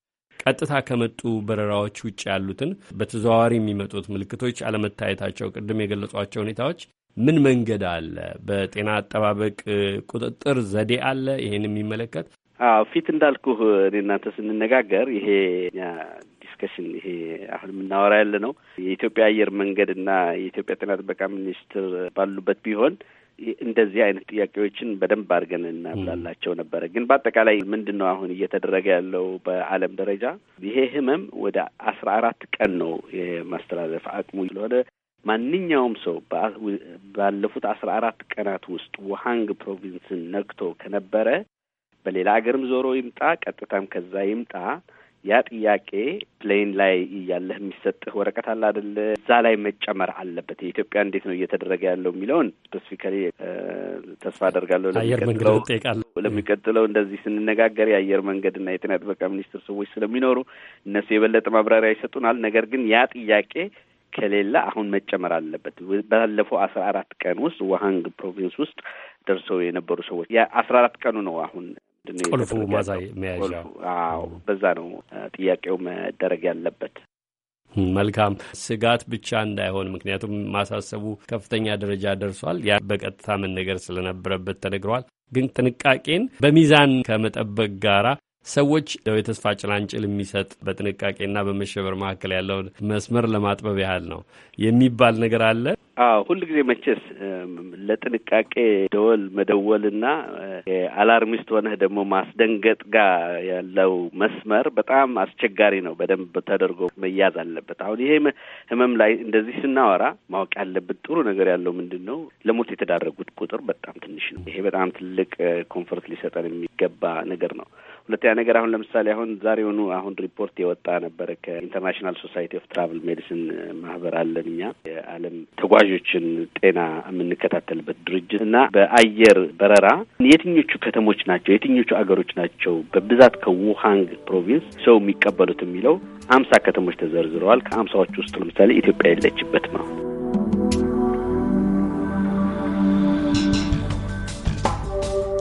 ቀጥታ ከመጡ በረራዎች ውጭ ያሉትን በተዘዋዋሪ የሚመጡት ምልክቶች አለመታየታቸው፣ ቅድም የገለጿቸው ሁኔታዎች ምን መንገድ አለ? በጤና አጠባበቅ ቁጥጥር ዘዴ አለ? ይህን የሚመለከት አዎ ፊት እንዳልኩህ እኔ እናንተ ስንነጋገር ይሄ ዲስከሽን ይሄ አሁን የምናወራ ያለ ነው የኢትዮጵያ አየር መንገድ እና የኢትዮጵያ ጤና ጥበቃ ሚኒስትር ባሉበት ቢሆን እንደዚህ አይነት ጥያቄዎችን በደንብ አድርገን እናብላላቸው ነበረ። ግን በአጠቃላይ ምንድን ነው አሁን እየተደረገ ያለው በዓለም ደረጃ ይሄ ህመም ወደ አስራ አራት ቀን ነው የማስተላለፍ አቅሙ ስለሆነ ማንኛውም ሰው ባለፉት አስራ አራት ቀናት ውስጥ ውሃንግ ፕሮቪንስን ነክቶ ከነበረ በሌላ ሀገርም ዞሮ ይምጣ ቀጥታም ከዛ ይምጣ ያ ጥያቄ ፕሌን ላይ እያለህ የሚሰጥህ ወረቀት አለ አደለ? እዛ ላይ መጨመር አለበት። የኢትዮጵያ እንዴት ነው እየተደረገ ያለው የሚለውን ስፔሲፊካሊ ተስፋ አደርጋለሁ ለሚቀጥለው ለሚቀጥለው እንደዚህ ስንነጋገር የአየር መንገድና የጤና ጥበቃ ሚኒስትር ሰዎች ስለሚኖሩ እነሱ የበለጠ ማብራሪያ ይሰጡናል። ነገር ግን ያ ጥያቄ ከሌለ አሁን መጨመር አለበት። ባለፈው አስራ አራት ቀን ውስጥ ዋሃንግ ፕሮቪንስ ውስጥ ደርሰው የነበሩ ሰዎች የአስራ አራት ቀኑ ነው አሁን ቁልፉ ማሳይ መያዣ። አዎ በዛ ነው ጥያቄው መደረግ ያለበት። መልካም ስጋት ብቻ እንዳይሆን፣ ምክንያቱም ማሳሰቡ ከፍተኛ ደረጃ ደርሷል። ያ በቀጥታ መነገር ስለነበረበት ተነግሯል። ግን ጥንቃቄን በሚዛን ከመጠበቅ ጋራ ሰዎች የተስፋ ጭላንጭል የሚሰጥ በጥንቃቄና በመሸበር መካከል ያለውን መስመር ለማጥበብ ያህል ነው የሚባል ነገር አለ። አዎ ጊዜ መቼስ ለጥንቃቄ ደወል መደወልና አላርሚስት ሆነህ ደግሞ ማስደንገጥ ጋር ያለው መስመር በጣም አስቸጋሪ ነው። በደንብ ተደርጎ መያዝ አለበት። አሁን ይሄ ህመም ላይ እንደዚህ ስናወራ ማወቅ ያለበት ጥሩ ነገር ያለው ምንድን ነው፣ ለሞት የተዳረጉት ቁጥር በጣም ትንሽ ነው። ይሄ በጣም ትልቅ ኮንፈርት ሊሰጠን የሚገባ ነገር ነው። ሁለተኛ ነገር አሁን ለምሳሌ አሁን ዛሬውኑ አሁን ሪፖርት የወጣ ነበረ ከኢንተርናሽናል ሶሳይቲ ኦፍ ትራቭል ሜዲሲን ማህበር አለን እኛ የዓለም ተጓዦችን ጤና የምንከታተልበት ድርጅት እና በአየር በረራ የትኞቹ ከተሞች ናቸው የትኞቹ አገሮች ናቸው በብዛት ከውሃንግ ፕሮቪንስ ሰው የሚቀበሉት የሚለው አምሳ ከተሞች ተዘርዝረዋል። ከአምሳዎች ውስጥ ለምሳሌ ኢትዮጵያ የለችበትም ነው።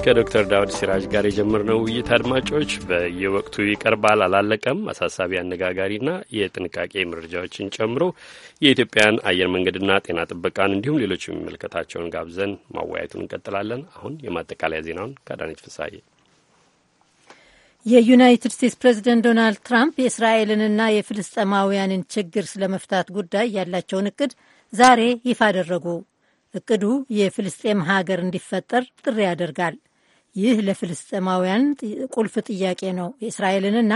ከዶክተር ዳውድ ሲራጅ ጋር የጀመርነው ውይይት አድማጮች በየወቅቱ ይቀርባል አላለቀም። አሳሳቢ፣ አነጋጋሪና የጥንቃቄ መረጃዎችን ጨምሮ የኢትዮጵያን አየር መንገድና ጤና ጥበቃን እንዲሁም ሌሎች የሚመለከታቸውን ጋብዘን ማወያየቱን እንቀጥላለን። አሁን የማጠቃለያ ዜናውን ከአዳነች ፍሳዬ። የዩናይትድ ስቴትስ ፕሬዚደንት ዶናልድ ትራምፕ የእስራኤልንና የፍልስጤማውያንን ችግር ስለመፍታት ጉዳይ ያላቸውን እቅድ ዛሬ ይፋ አደረጉ። እቅዱ የፍልስጤም ሀገር እንዲፈጠር ጥሪ ያደርጋል። ይህ ለፍልስጤማውያን ቁልፍ ጥያቄ ነው። የእስራኤልንና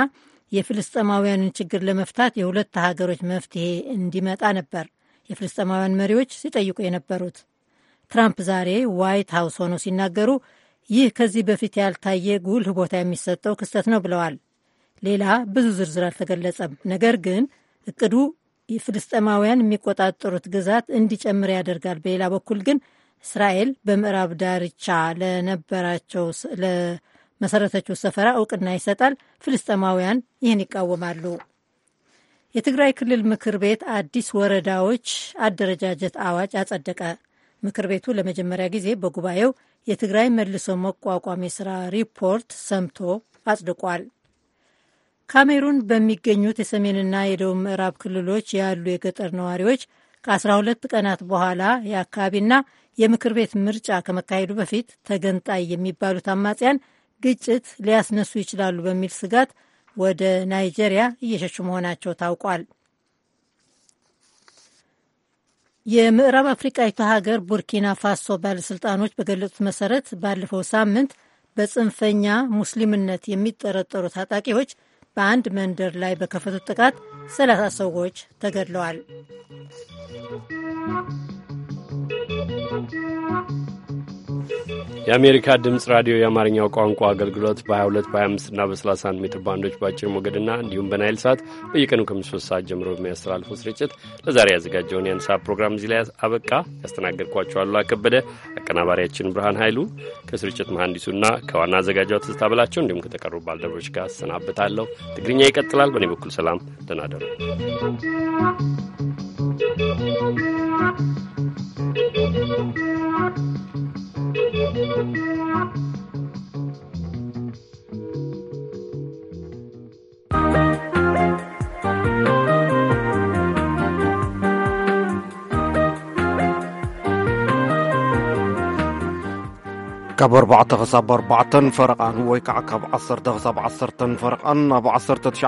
የፍልስጤማውያንን ችግር ለመፍታት የሁለት ሀገሮች መፍትሄ እንዲመጣ ነበር የፍልስጤማውያን መሪዎች ሲጠይቁ የነበሩት። ትራምፕ ዛሬ ዋይት ሀውስ ሆነው ሲናገሩ ይህ ከዚህ በፊት ያልታየ ጉልህ ቦታ የሚሰጠው ክስተት ነው ብለዋል። ሌላ ብዙ ዝርዝር አልተገለጸም። ነገር ግን እቅዱ የፍልስጤማውያን የሚቆጣጠሩት ግዛት እንዲጨምር ያደርጋል። በሌላ በኩል ግን እስራኤል በምዕራብ ዳርቻ ለነበራቸው ለመሰረተችው ሰፈራ እውቅና ይሰጣል። ፍልስጤማውያን ይህን ይቃወማሉ። የትግራይ ክልል ምክር ቤት አዲስ ወረዳዎች አደረጃጀት አዋጅ አጸደቀ። ምክር ቤቱ ለመጀመሪያ ጊዜ በጉባኤው የትግራይ መልሶ መቋቋም የሥራ ሪፖርት ሰምቶ አጽድቋል። ካሜሩን በሚገኙት የሰሜንና የደቡብ ምዕራብ ክልሎች ያሉ የገጠር ነዋሪዎች ከ12 ቀናት በኋላ የአካባቢና የምክር ቤት ምርጫ ከመካሄዱ በፊት ተገንጣይ የሚባሉት አማጽያን ግጭት ሊያስነሱ ይችላሉ በሚል ስጋት ወደ ናይጄሪያ እየሸሹ መሆናቸው ታውቋል። የምዕራብ አፍሪቃዊቱ ሀገር ቡርኪና ፋሶ ባለሥልጣኖች በገለጹት መሰረት ባለፈው ሳምንት በጽንፈኛ ሙስሊምነት የሚጠረጠሩ ታጣቂዎች በአንድ መንደር ላይ በከፈቱት ጥቃት 30 ሰዎች ተገድለዋል። የአሜሪካ ድምፅ ራዲዮ የአማርኛው ቋንቋ አገልግሎት በ22 በ25 እና በ31 ሜትር ባንዶች በአጭር ሞገድና እንዲሁም በናይል ሰዓት በየቀኑ ከምሽቱ ሶስት ሰዓት ጀምሮ በሚያስተላልፈው ስርጭት ለዛሬ ያዘጋጀውን የአንሳ ፕሮግራም እዚህ ላይ አበቃ። ያስተናገድኳቸው አሉላ ከበደ፣ አቀናባሪያችን ብርሃን ኃይሉ ከስርጭት መሐንዲሱና ከዋና አዘጋጇ ትዝታ በላቸው እንዲሁም ከተቀሩ ባልደረቦች ጋር ሰናበታለሁ። ትግርኛ ይቀጥላል። በእኔ በኩል ሰላም፣ ደህና እደሩ። كاب أربعة غصاب أربعة فرق عن هو كعكب عصر غصب عصر فرق أبو عصر تشع